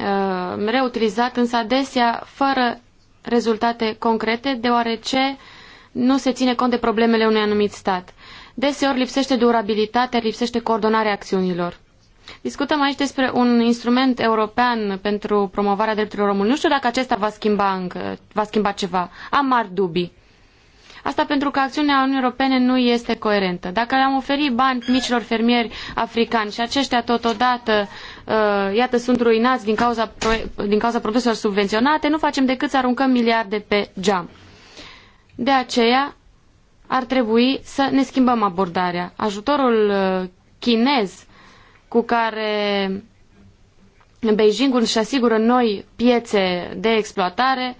[SPEAKER 3] uh, mereu utilizat, însă adesea fără rezultate concrete, deoarece nu se ține cont de problemele unui anumit stat. Deseori lipsește durabilitatea, lipsește coordonarea acțiunilor. Discutăm aici despre un instrument european pentru promovarea drepturilor omului. Nu știu dacă acesta va schimba încă, va schimba ceva. Am mari dubii. Asta pentru că acțiunea Uniunii Europene nu este coerentă. Dacă le-am oferit bani micilor fermieri africani și aceștia totodată uh, iată, sunt ruinați din cauza, din cauza produselor subvenționate, nu facem decât să aruncăm miliarde pe geam. De aceea ar trebui să ne schimbăm abordarea. Ajutorul uh, chinez cu care Beijingul își asigură noi piețe de exploatare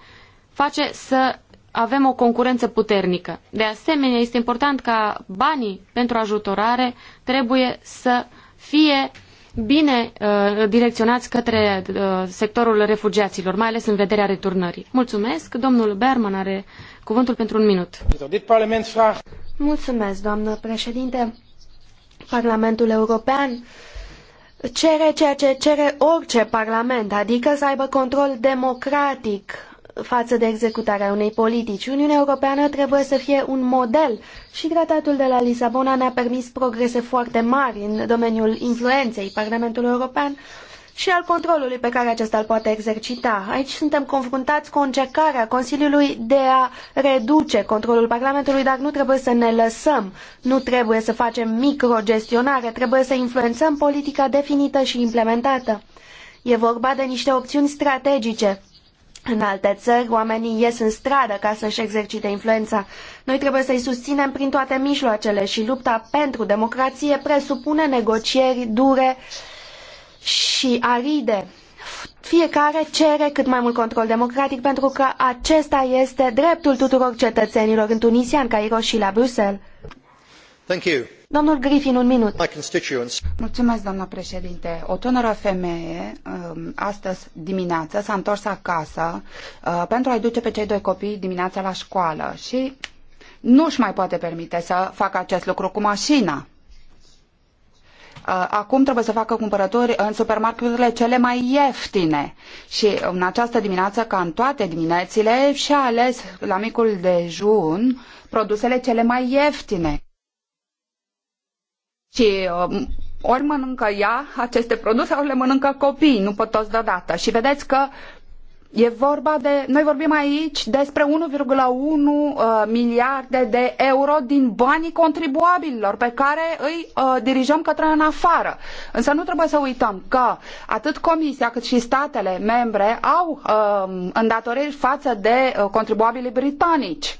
[SPEAKER 3] face să avem o concurență puternică. De asemenea, este important ca banii pentru ajutorare trebuie să fie bine uh, direcționați către uh, sectorul refugiaților, mai ales în vederea returnării. Mulțumesc. Domnul
[SPEAKER 2] Berman are cuvântul pentru un minut. Mulțumesc, doamnă președinte. Parlamentul European cere ceea ce cere orice parlament, adică să aibă control democratic față de executarea unei politici. Uniunea Europeană trebuie să fie un model și tratatul de la Lisabona ne-a permis progrese foarte mari în domeniul influenței Parlamentului European și al controlului pe care acesta îl poate exercita. Aici suntem confruntați cu încercarea Consiliului de a reduce controlul Parlamentului, dar nu trebuie să ne lăsăm, nu trebuie să facem microgestionare, trebuie să influențăm politica definită și implementată. E vorba de niște opțiuni strategice în alte țări, oamenii ies în stradă ca să-și exercite influența. Noi trebuie să-i susținem prin toate mijloacele și lupta pentru democrație presupune negocieri dure și aride. Fiecare cere cât mai mult control democratic pentru că acesta este dreptul tuturor cetățenilor în Tunisia, în Cairo și la Bruxelles. Griffin, un minut. Mulțumesc, președinte. O tânără femeie,
[SPEAKER 1] um, astăzi dimineață, s-a întors acasă uh, pentru a-i duce pe cei doi copii dimineața la școală și nu își mai poate permite să facă acest lucru cu mașina. Uh, acum trebuie să facă cumpărături în supermarketurile cele mai ieftine și în această dimineață, ca în toate diminețile, și-a ales la micul dejun produsele cele mai ieftine și um, ori mănâncă ea aceste produse, ori le mănâncă copiii, nu pot toți deodată. Și vedeți că E vorba de, noi vorbim aici despre 1,1 uh, miliarde de euro din banii contribuabililor pe care îi uh, dirijăm către în afară. Însă nu trebuie să uităm că atât Comisia cât și statele membre au uh, îndatoriri față de uh, contribuabilii britanici.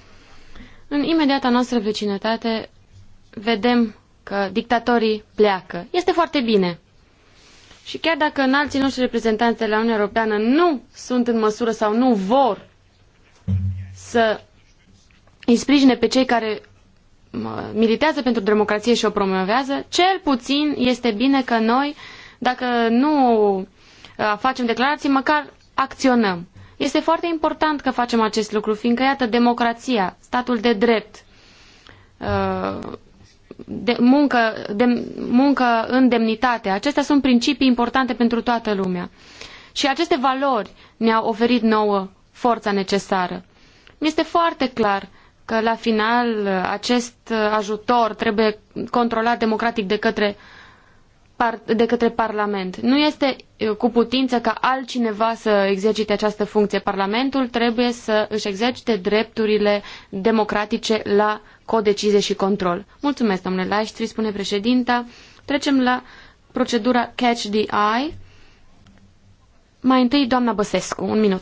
[SPEAKER 3] În imediata noastră vecinătate vedem că dictatorii pleacă. Este foarte bine. Și chiar dacă în alții noștri reprezentanți la Uniunea Europeană nu sunt în măsură sau nu vor să îi sprijine pe cei care militează pentru democrație și o promovează, cel puțin este bine că noi, dacă nu uh, facem declarații, măcar acționăm. Este foarte important că facem acest lucru, fiindcă, iată, democrația, statul de drept, uh, de muncă, de muncă în demnitate, acestea sunt principii importante pentru toată lumea. Și aceste valori ne-au oferit nouă forța necesară. Este foarte clar că la final acest ajutor trebuie controlat democratic de către de către Parlament. Nu este cu putință ca altcineva să exercite această funcție. Parlamentul trebuie să își exercite drepturile democratice la codecizie și control. Mulțumesc, domnule Laiștri, spune președinta. Trecem la procedura Catch the Eye. Mai întâi, doamna Băsescu, un minut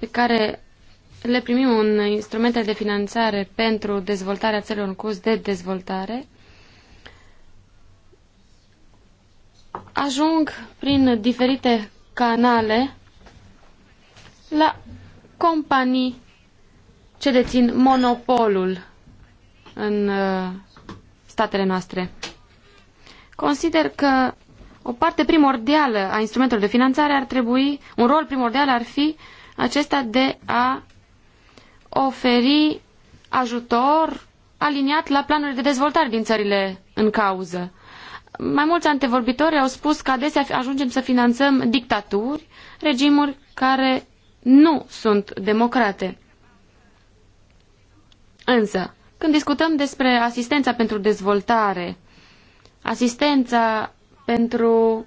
[SPEAKER 3] pe care le primim în instrumente de finanțare pentru dezvoltarea țărilor în curs de dezvoltare, ajung prin diferite canale la companii ce dețin monopolul în uh, statele noastre. Consider că o parte primordială a instrumentelor de finanțare ar trebui, un rol primordial ar fi uh, acesta de a oferi ajutor aliniat la planurile de dezvoltare din țările în cauză. Mai mulți antevorbitori au spus că adesea ajungem să finanțăm dictaturi, regimuri care nu sunt democrate. Însă, când discutăm despre asistența pentru dezvoltare, asistența pentru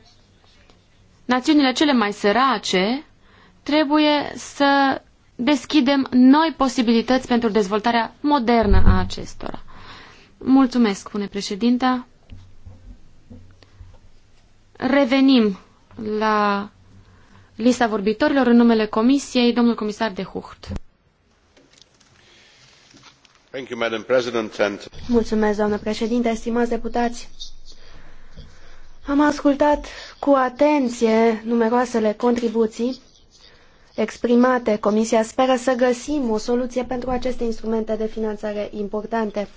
[SPEAKER 3] națiunile cele mai sărace, trebuie să deschidem noi posibilități pentru dezvoltarea modernă a acestora. Mulțumesc, spune președinta. Revenim la lista vorbitorilor în numele Comisiei, domnul comisar de Hucht.
[SPEAKER 2] Mulțumesc, doamnă președinte, estimați deputați. Am ascultat cu atenție numeroasele contribuții exprimate. Comisia speră să găsim o soluție pentru aceste instrumente de finanțare importante.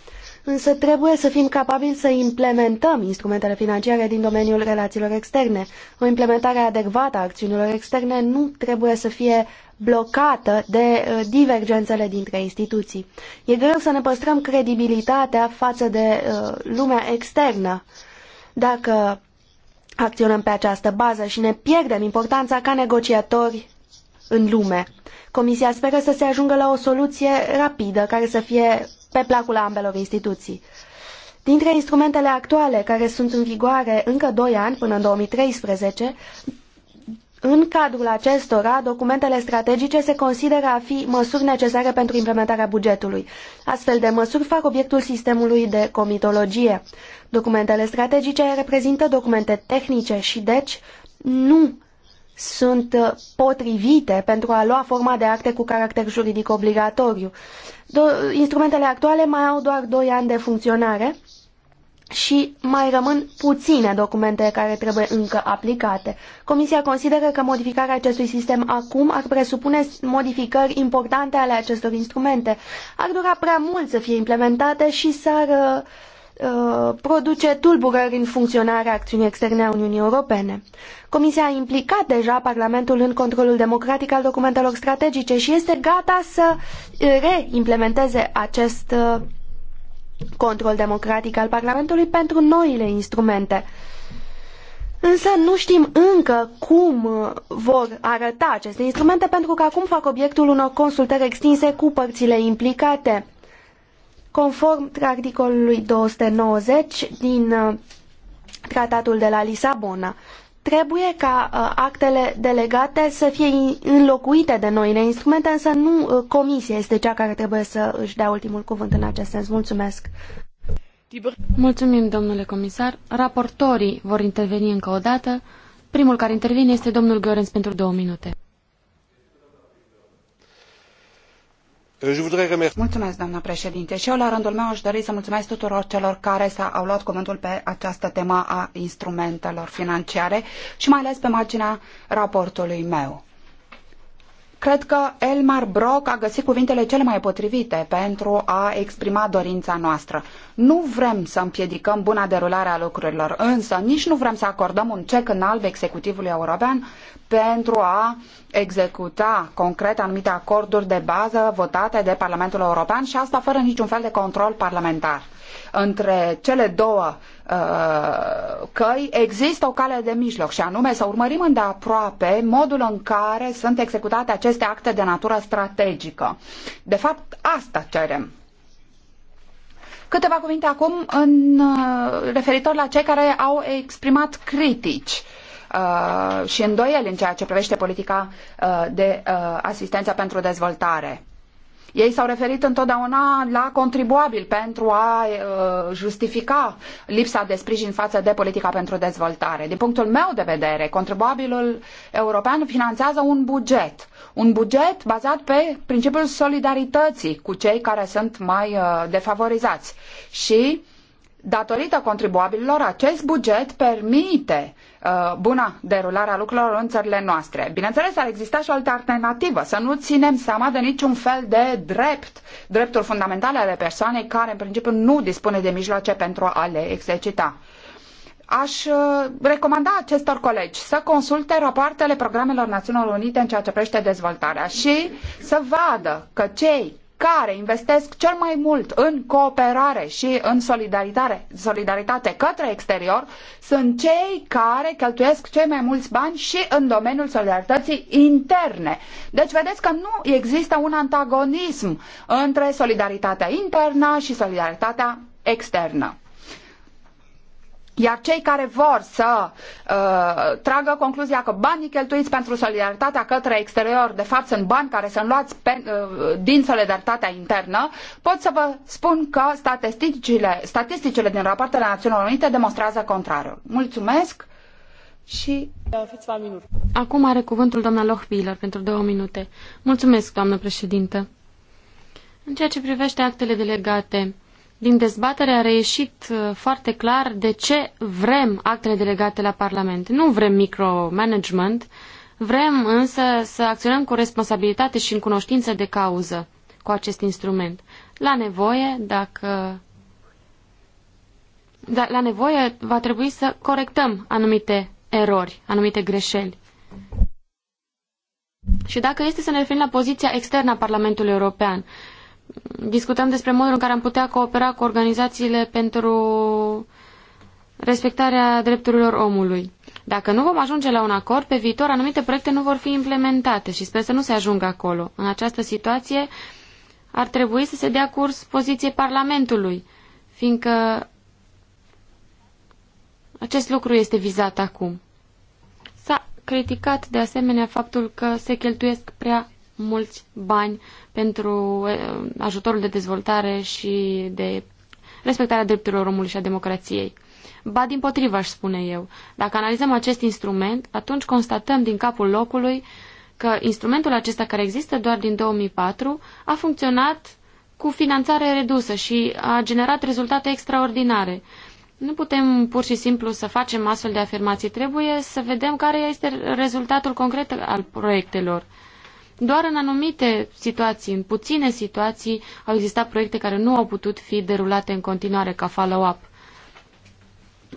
[SPEAKER 2] Însă trebuie să fim capabili să implementăm instrumentele financiare din domeniul relațiilor externe. O implementare adecvată a acțiunilor externe nu trebuie să fie blocată de uh, divergențele dintre instituții. E greu să ne păstrăm credibilitatea față de uh, lumea externă. Dacă acționăm pe această bază și ne pierdem importanța ca negociatori în lume. Comisia speră să se ajungă la o soluție rapidă care să fie pe placul ambelor instituții. Dintre instrumentele actuale care sunt în vigoare încă 2 ani până în 2013, în cadrul acestora, documentele strategice se consideră a fi măsuri necesare pentru implementarea bugetului. Astfel de măsuri fac obiectul sistemului de comitologie. Documentele strategice reprezintă documente tehnice și, deci, nu sunt uh, potrivite pentru a lua forma de acte cu caracter juridic obligatoriu. Do- instrumentele actuale mai au doar 2 ani de funcționare și mai rămân puține documente care trebuie încă aplicate. Comisia consideră că modificarea acestui sistem acum ar presupune modificări importante ale acestor instrumente. Ar dura prea mult să fie implementate și s-ar uh, Uh, produce tulburări în funcționarea acțiunii externe a Uniunii Europene. Comisia a implicat deja Parlamentul în controlul democratic al documentelor strategice și este gata să uh, reimplementeze acest uh, control democratic al Parlamentului pentru noile instrumente. Însă nu știm încă cum vor arăta aceste instrumente pentru că acum fac obiectul unor consultări extinse cu părțile implicate conform articolului 290 din uh, Tratatul de la Lisabona. Trebuie ca uh, actele delegate să fie înlocuite de noile instrumente, însă nu uh, comisia este cea care trebuie să își dea ultimul cuvânt în acest sens. Mulțumesc!
[SPEAKER 3] Mulțumim, domnule comisar. Raportorii vor interveni încă o dată. Primul care intervine este domnul Gheorens pentru două minute.
[SPEAKER 1] Mulțumesc, doamnă președinte. Și eu, la rândul meu, aș dori să mulțumesc tuturor celor care s-au luat cuvântul pe această temă a instrumentelor financiare și mai ales pe marginea raportului meu. Cred că Elmar Brock a găsit cuvintele cele mai potrivite pentru a exprima dorința noastră. Nu vrem să împiedicăm buna derulare a lucrurilor, însă nici nu vrem să acordăm un cec în alb executivului european pentru a executa concret anumite acorduri de bază votate de Parlamentul European și asta fără niciun fel de control parlamentar. Între cele două uh, căi există o cale de mijloc și anume să urmărim îndeaproape modul în care sunt executate aceste acte de natură strategică. De fapt, asta cerem. Câteva cuvinte acum în, uh, referitor la cei care au exprimat critici. Uh, Uh, și îndoieli în ceea ce privește politica uh, de uh, asistență pentru dezvoltare. Ei s-au referit întotdeauna la contribuabil pentru a justifica lipsa de sprijin față de politica pentru dezvoltare. Din punctul meu de vedere, contribuabilul european finanțează un buget. Un buget bazat pe principiul solidarității cu cei care sunt mai defavorizați. Și uh, Datorită contribuabililor, acest buget permite bună uh, buna derulare a lucrurilor în țările noastre. Bineînțeles, ar exista și o altă alternativă, să nu ținem seama de niciun fel de drept, drepturi fundamentale ale persoanei care, în principiu, nu dispune de mijloace pentru a le exercita aș uh, recomanda acestor colegi să consulte rapoartele programelor Națiunilor Unite în ceea ce privește dezvoltarea și să vadă că cei care investesc cel mai mult în cooperare și în solidaritate, solidaritate către exterior sunt cei care cheltuiesc cei mai mulți bani și în domeniul solidarității interne. Deci vedeți că nu există un antagonism între solidaritatea internă și solidaritatea externă. Iar cei care vor să uh, tragă concluzia că banii cheltuiți pentru solidaritatea către exterior, de fapt, sunt bani care sunt luați pe, uh, din solidaritatea internă, pot să vă spun că statisticile, statisticile din rapoartele Națiunilor Unite demonstrează contrariul. Mulțumesc și...
[SPEAKER 3] Acum are cuvântul doamna Lochbiller pentru două minute. Mulțumesc, doamnă președintă. În ceea ce privește actele delegate, din dezbatere a reieșit uh, foarte clar de ce vrem actele delegate la Parlament. Nu vrem micromanagement, vrem însă să acționăm cu responsabilitate și în cunoștință de cauză cu acest instrument. La nevoie, dacă da, la nevoie va trebui să corectăm anumite erori, anumite greșeli. Și dacă este să ne referim la poziția externă a Parlamentului European, discutăm despre modul în care am putea coopera cu organizațiile pentru respectarea drepturilor omului. Dacă nu vom ajunge la un acord, pe viitor anumite proiecte nu vor fi implementate și sper să nu se ajungă acolo. În această situație ar trebui să se dea curs poziției Parlamentului, fiindcă acest lucru este vizat acum. S-a criticat de asemenea faptul că se cheltuiesc prea mulți bani pentru eh, ajutorul de dezvoltare și de respectarea drepturilor omului și a democrației. Ba din potrivă, aș spune eu. Dacă analizăm acest instrument, atunci constatăm din capul locului că instrumentul acesta care există doar din 2004 a funcționat cu finanțare redusă și a generat rezultate extraordinare. Nu putem pur și simplu să facem astfel de afirmații. Trebuie să vedem care este rezultatul concret al proiectelor. Doar în anumite situații, în puține situații, au existat proiecte care nu au putut fi derulate în continuare ca follow-up.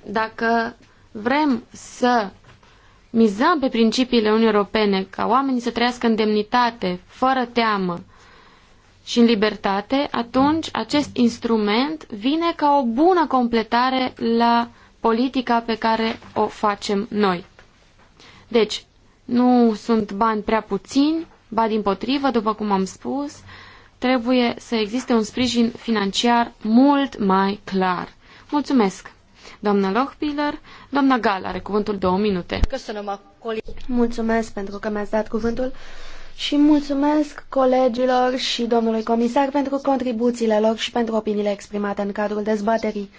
[SPEAKER 3] Dacă vrem să mizăm pe principiile Uniunii Europene, ca oamenii să trăiască în demnitate, fără teamă și în libertate, atunci acest instrument vine ca o bună completare la politica pe care o facem noi. Deci, nu sunt bani prea puțini, Ba din potrivă, după cum am spus, trebuie să existe un sprijin financiar mult mai clar. Mulțumesc! Doamna Lochbiller, doamna Gal are cuvântul două minute.
[SPEAKER 2] Mulțumesc pentru că mi-ați dat cuvântul și mulțumesc colegilor și domnului comisar pentru contribuțiile lor și pentru opiniile exprimate în cadrul dezbaterii.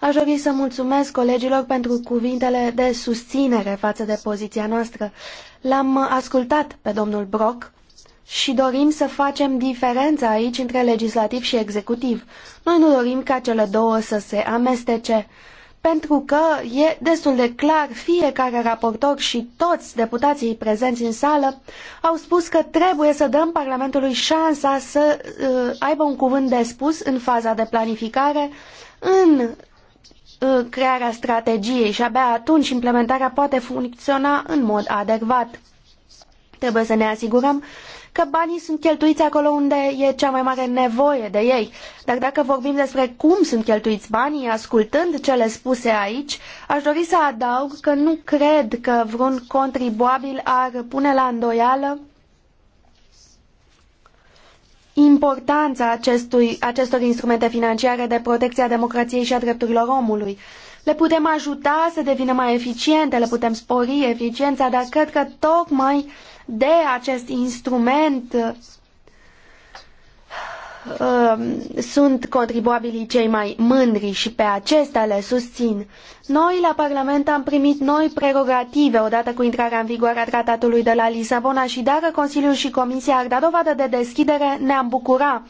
[SPEAKER 2] Aș dori să mulțumesc colegilor pentru cuvintele de susținere față de poziția noastră. L-am ascultat pe domnul Brock și dorim să facem diferența aici între legislativ și executiv. Noi nu dorim ca cele două să se amestece, pentru că e destul de clar, fiecare raportor și toți deputații prezenți în sală au spus că trebuie să dăm Parlamentului șansa să uh, aibă un cuvânt de spus în faza de planificare, în Uh, crearea strategiei și abia atunci implementarea poate funcționa în mod adecvat. Trebuie să ne asigurăm că banii sunt cheltuiți acolo unde e cea mai mare nevoie de ei. Dar dacă vorbim despre cum sunt cheltuiți banii, ascultând cele spuse aici, aș dori să adaug că nu cred că vreun contribuabil ar pune la îndoială importanța acestui, acestor instrumente financiare de protecție a democrației și a drepturilor omului. Le putem ajuta să devină mai eficiente, le putem spori eficiența, dar cred că tocmai de acest instrument Um, sunt contribuabilii cei mai mândri și pe acestea le susțin. Noi la Parlament am primit noi prerogative odată cu intrarea în vigoare a tratatului de la Lisabona și dacă Consiliul și Comisia ar da dovadă de deschidere, ne-am bucura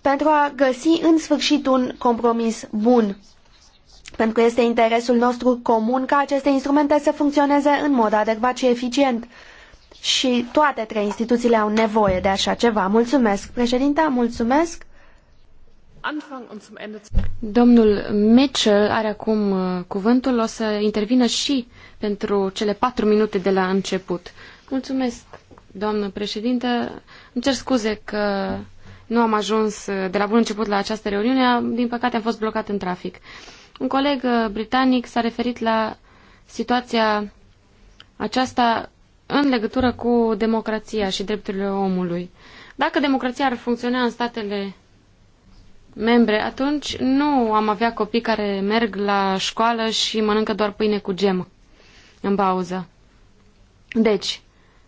[SPEAKER 2] pentru a găsi în sfârșit un compromis bun. Pentru că este interesul nostru comun ca aceste instrumente să funcționeze în mod adecvat și eficient și toate trei instituțiile au nevoie de așa ceva. Mulțumesc, președinta, mulțumesc. Domnul Mitchell are acum uh, cuvântul, o să intervină
[SPEAKER 3] și pentru cele patru minute de la început. Mulțumesc, doamnă președinte. Îmi cer scuze că nu am ajuns uh, de la bun început la această reuniune, din păcate am fost blocat în trafic. Un coleg uh, britanic s-a referit la situația aceasta în legătură cu democrația și drepturile omului. Dacă democrația ar funcționa în statele membre, atunci nu am avea copii care merg la școală și mănâncă doar pâine cu gem în pauză. Deci,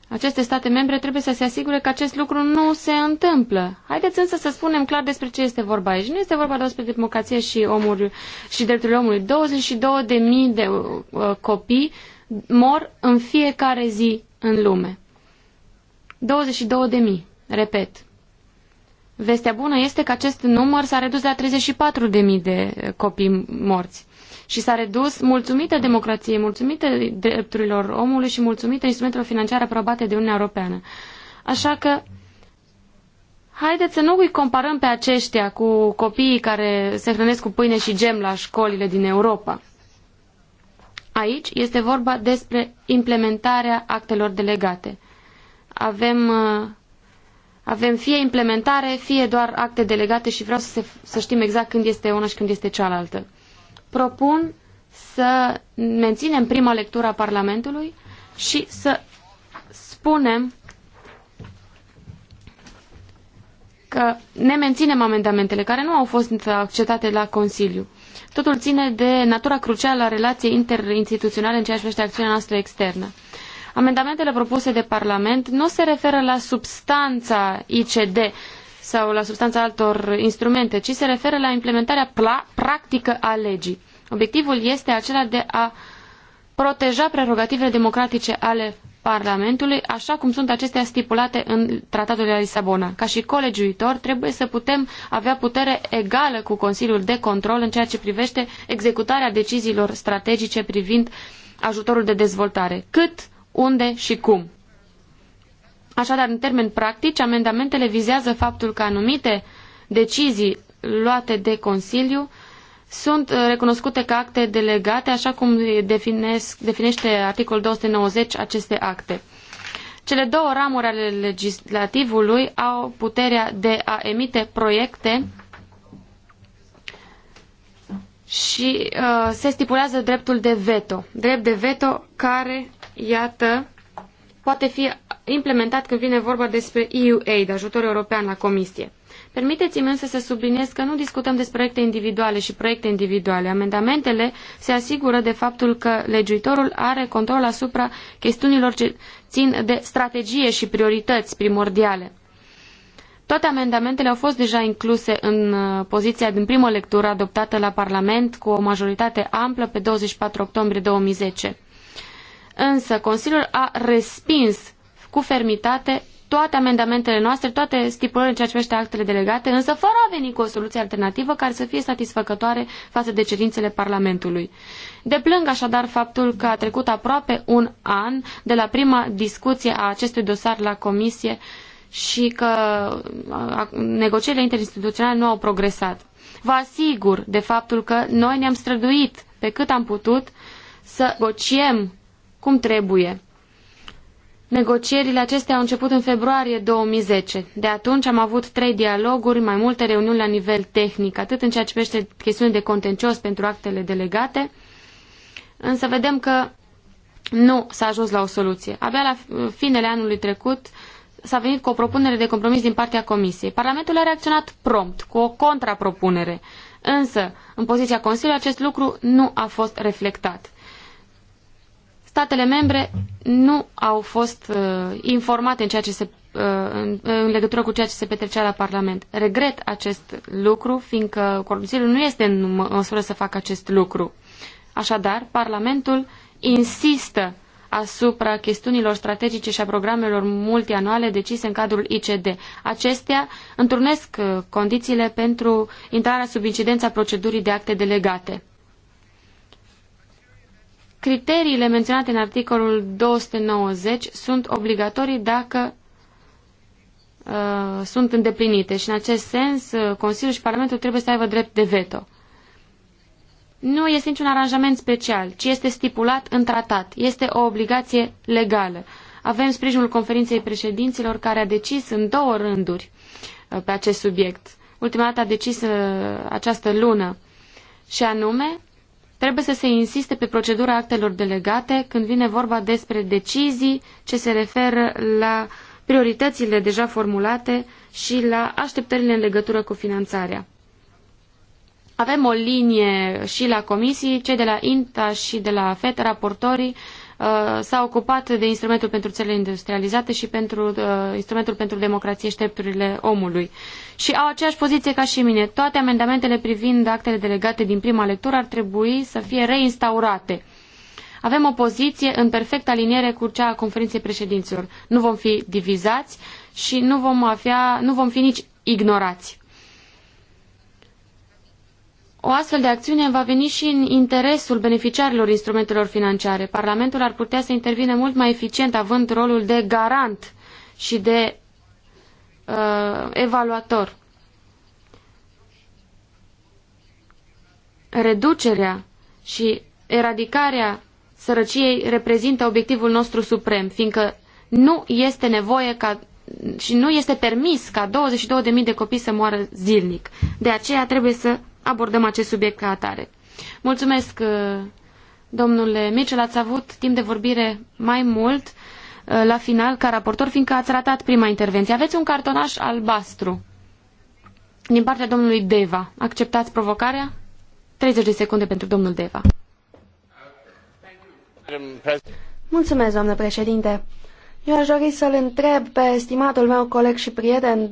[SPEAKER 3] aceste state membre trebuie să se asigure că acest lucru nu se întâmplă. Haideți însă să spunem clar despre ce este vorba aici. Nu este vorba despre democrație și, omuri, și drepturile omului. 22.000 de uh, copii mor în fiecare zi în lume. 22.000, repet. Vestea bună este că acest număr s-a redus la 34.000 de copii morți și s-a redus mulțumită democrației, mulțumită drepturilor omului și mulțumită instrumentelor financiare aprobate de Uniunea Europeană. Așa că haideți să nu îi comparăm pe aceștia cu copiii care se hrănesc cu pâine și gem la școlile din Europa. Aici este vorba despre implementarea actelor delegate. Avem, uh, avem fie implementare, fie doar acte delegate și vreau să, se, să știm exact când este una și când este cealaltă. Propun să menținem prima lectură a Parlamentului și să spunem că ne menținem amendamentele care nu au fost acceptate la Consiliu. Totul ține de natura crucială a relației interinstituționale în ceea ce privește acțiunea noastră externă. Amendamentele propuse de Parlament nu se referă la substanța ICD sau la substanța altor instrumente, ci se referă la implementarea practică a legii. Obiectivul este acela de a proteja prerogativele democratice ale Parlamentului, așa cum sunt acestea stipulate în Tratatul de la Lisabona. Ca și colegiuitor, trebuie să putem avea putere egală cu Consiliul de Control în ceea ce privește executarea deciziilor strategice privind ajutorul de dezvoltare. Cât, unde și cum. Așadar, în termeni practici, amendamentele vizează faptul că anumite decizii luate de Consiliu sunt uh, recunoscute ca acte delegate, așa cum definesc, definește articolul 290 aceste acte. Cele două ramuri ale legislativului au puterea de a emite proiecte și uh, se stipulează dreptul de veto. Drept de veto care, iată, poate fi implementat când vine vorba despre EU aid, ajutor european la comisie. Permiteți-mi însă să subliniez că nu discutăm despre proiecte individuale și proiecte individuale. Amendamentele se asigură de faptul că legiuitorul are control asupra chestiunilor ce țin de strategie și priorități primordiale. Toate amendamentele au fost deja incluse în uh, poziția din primă lectură adoptată la Parlament cu o majoritate amplă pe 24 octombrie 2010. Însă Consiliul a respins cu fermitate toate amendamentele noastre, toate stipulările în ceea ce privește actele delegate, însă fără a veni cu o soluție alternativă care să fie satisfăcătoare față de cerințele Parlamentului. Deplâng așadar faptul că a trecut aproape un an de la prima discuție a acestui dosar la Comisie și că negocierile interinstituționale nu au progresat. Vă asigur de faptul că noi ne-am străduit pe cât am putut să negociem cum trebuie Negocierile acestea au început în februarie 2010. De atunci am avut trei dialoguri, mai multe reuniuni la nivel tehnic, atât în ceea ce privește chestiuni de contencios pentru actele delegate, însă vedem că nu s-a ajuns la o soluție. Abia la finele anului trecut s-a venit cu o propunere de compromis din partea Comisiei. Parlamentul a reacționat prompt, cu o contrapropunere, însă în poziția Consiliului acest lucru nu a fost reflectat statele membre nu au fost uh, informate în, ceea ce se, uh, în, în legătură cu ceea ce se petrecea la Parlament. Regret acest lucru, fiindcă Consiliul nu este în măsură să facă acest lucru. Așadar, Parlamentul insistă asupra chestiunilor strategice și a programelor multianuale decise în cadrul ICD. Acestea întrunesc uh, condițiile pentru intrarea sub incidența procedurii de acte delegate. Criteriile menționate în articolul 290 sunt obligatorii dacă uh, sunt îndeplinite și în acest sens uh, Consiliul și Parlamentul trebuie să aibă drept de veto. Nu este niciun aranjament special, ci este stipulat în tratat. Este o obligație legală. Avem sprijinul conferinței președinților care a decis în două rânduri uh, pe acest subiect. Ultima dată a decis uh, această lună și anume Trebuie să se insiste pe procedura actelor delegate când vine vorba despre decizii ce se referă la prioritățile deja formulate și la așteptările în legătură cu finanțarea. Avem o linie și la comisii, cei de la INTA și de la FET, raportorii, uh, Uh, s-a ocupat de instrumentul pentru țările industrializate și pentru uh, instrumentul pentru democrație și drepturile omului. Și au aceeași poziție ca și mine. Toate amendamentele privind actele delegate din prima lectură ar trebui să fie reinstaurate. Avem o poziție în perfectă aliniere cu cea a conferinței președinților. Nu vom fi divizați și nu vom, avea, nu vom fi nici ignorați. O astfel de acțiune va veni și în interesul beneficiarilor instrumentelor financiare. Parlamentul ar putea să intervine mult mai eficient, având rolul de garant și de uh, evaluator. Reducerea și eradicarea sărăciei reprezintă obiectivul nostru suprem, fiindcă nu este nevoie ca și nu este permis ca 22.000 de copii să moară zilnic. De aceea trebuie să abordăm acest subiect ca atare. Mulțumesc, uh, domnule Mitchell, ați avut timp de vorbire mai mult uh, la final ca raportor, fiindcă ați ratat prima intervenție. Aveți un cartonaș albastru din partea domnului Deva. Acceptați provocarea? 30 de secunde pentru domnul Deva.
[SPEAKER 2] Mulțumesc, doamnă președinte. Eu aș dori să-l întreb pe estimatul meu coleg și prieten,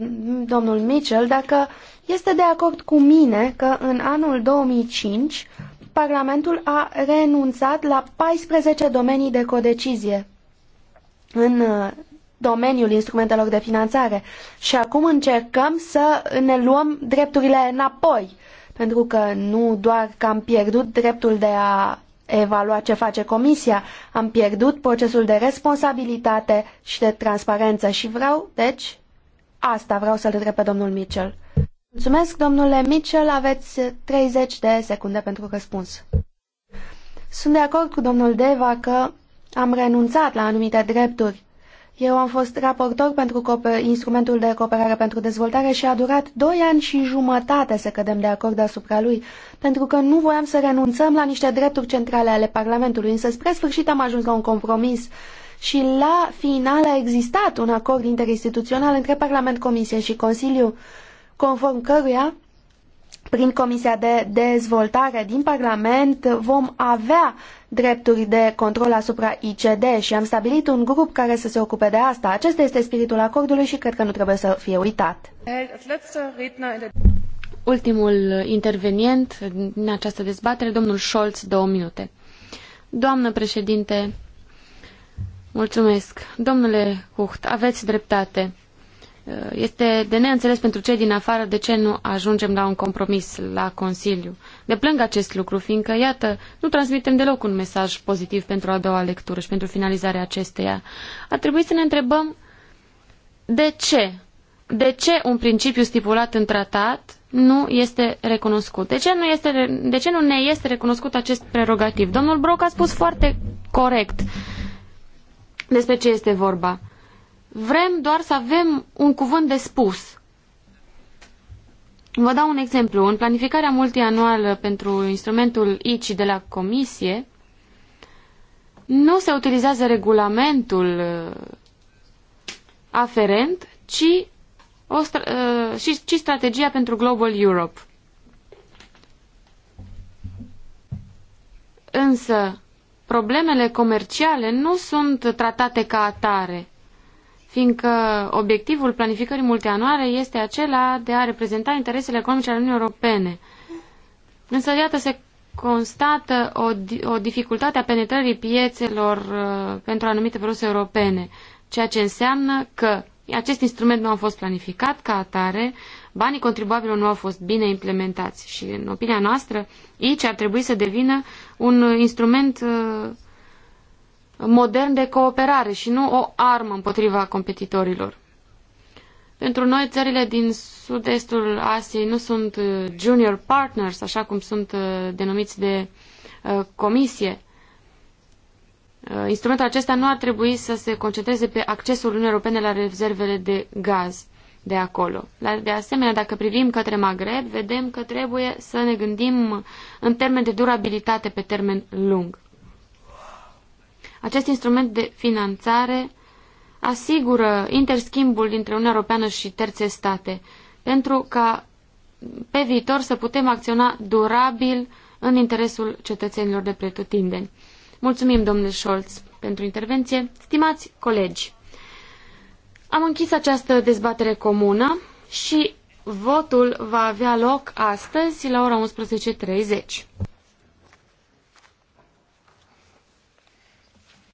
[SPEAKER 2] domnul Mitchell, dacă este de acord cu mine că în anul 2005 Parlamentul a renunțat la 14 domenii de codecizie în uh, domeniul instrumentelor de finanțare și acum încercăm să ne luăm drepturile înapoi, pentru că nu doar că am pierdut dreptul de a evalua ce face Comisia. Am pierdut procesul de responsabilitate și de transparență și vreau, deci, asta vreau să-l întreb pe domnul Mitchell. Mulțumesc, domnule Mitchell, aveți 30 de secunde pentru răspuns. Sunt de acord cu domnul Deva că am renunțat la anumite drepturi eu am fost raportor pentru instrumentul de cooperare pentru dezvoltare și a durat doi ani și jumătate să cădem de acord asupra lui, pentru că nu voiam să renunțăm la niște drepturi centrale ale Parlamentului, însă spre sfârșit am ajuns la un compromis și la final a existat un acord interinstituțional între Parlament, Comisie și Consiliu, conform căruia prin Comisia de Dezvoltare din Parlament vom avea drepturi de control asupra ICD și am stabilit un grup care să se ocupe de asta. Acesta este spiritul acordului și cred că nu trebuie să fie uitat. Ultimul
[SPEAKER 3] intervenient în această dezbatere, domnul Scholz, două minute. Doamnă președinte, mulțumesc. Domnule Hucht, aveți dreptate. Uh, este de neînțeles pentru cei din afară de ce nu ajungem la un compromis la Consiliu. Deplâng acest lucru, fiindcă, iată, nu transmitem deloc un mesaj pozitiv pentru a doua lectură și pentru finalizarea acesteia. Ar trebui să ne întrebăm de ce? De ce un principiu stipulat în tratat nu este recunoscut? De ce nu, este, de ce nu ne este recunoscut acest prerogativ? Domnul Broc a spus foarte corect despre ce este vorba. Vrem doar să avem un cuvânt de spus. Vă dau un exemplu. În planificarea multianuală pentru instrumentul ICI de la Comisie, nu se utilizează regulamentul uh, aferent, ci, o stra- uh, și, ci strategia pentru Global Europe. Însă, problemele comerciale nu sunt tratate ca atare fiindcă obiectivul planificării multianuale este acela de a reprezenta interesele economice ale Uniunii Europene. Însă, iată, se constată o, o dificultate a penetrării piețelor uh, pentru anumite produse europene, ceea ce înseamnă că acest instrument nu a fost planificat ca atare, banii contribuabilor nu au fost bine implementați și, în opinia noastră, aici ar trebui să devină un instrument uh, modern de cooperare și nu o armă împotriva competitorilor. Pentru noi, țările din sud-estul Asiei nu sunt uh, junior partners, așa cum sunt uh, denumiți de uh, comisie. Instrumentul acesta nu ar trebui să se concentreze pe accesul Uniunii Europene la rezervele de gaz de acolo. De asemenea, dacă privim către Maghreb, vedem că trebuie să ne gândim în termen de durabilitate pe termen lung. Acest instrument de finanțare asigură interschimbul dintre Uniunea Europeană și terțe state, pentru ca pe viitor să putem acționa durabil în interesul cetățenilor de pretutindeni. Mulțumim, domnule Scholz, pentru intervenție. Stimați colegi, am închis această dezbatere comună și votul va avea loc astăzi la ora 11.30.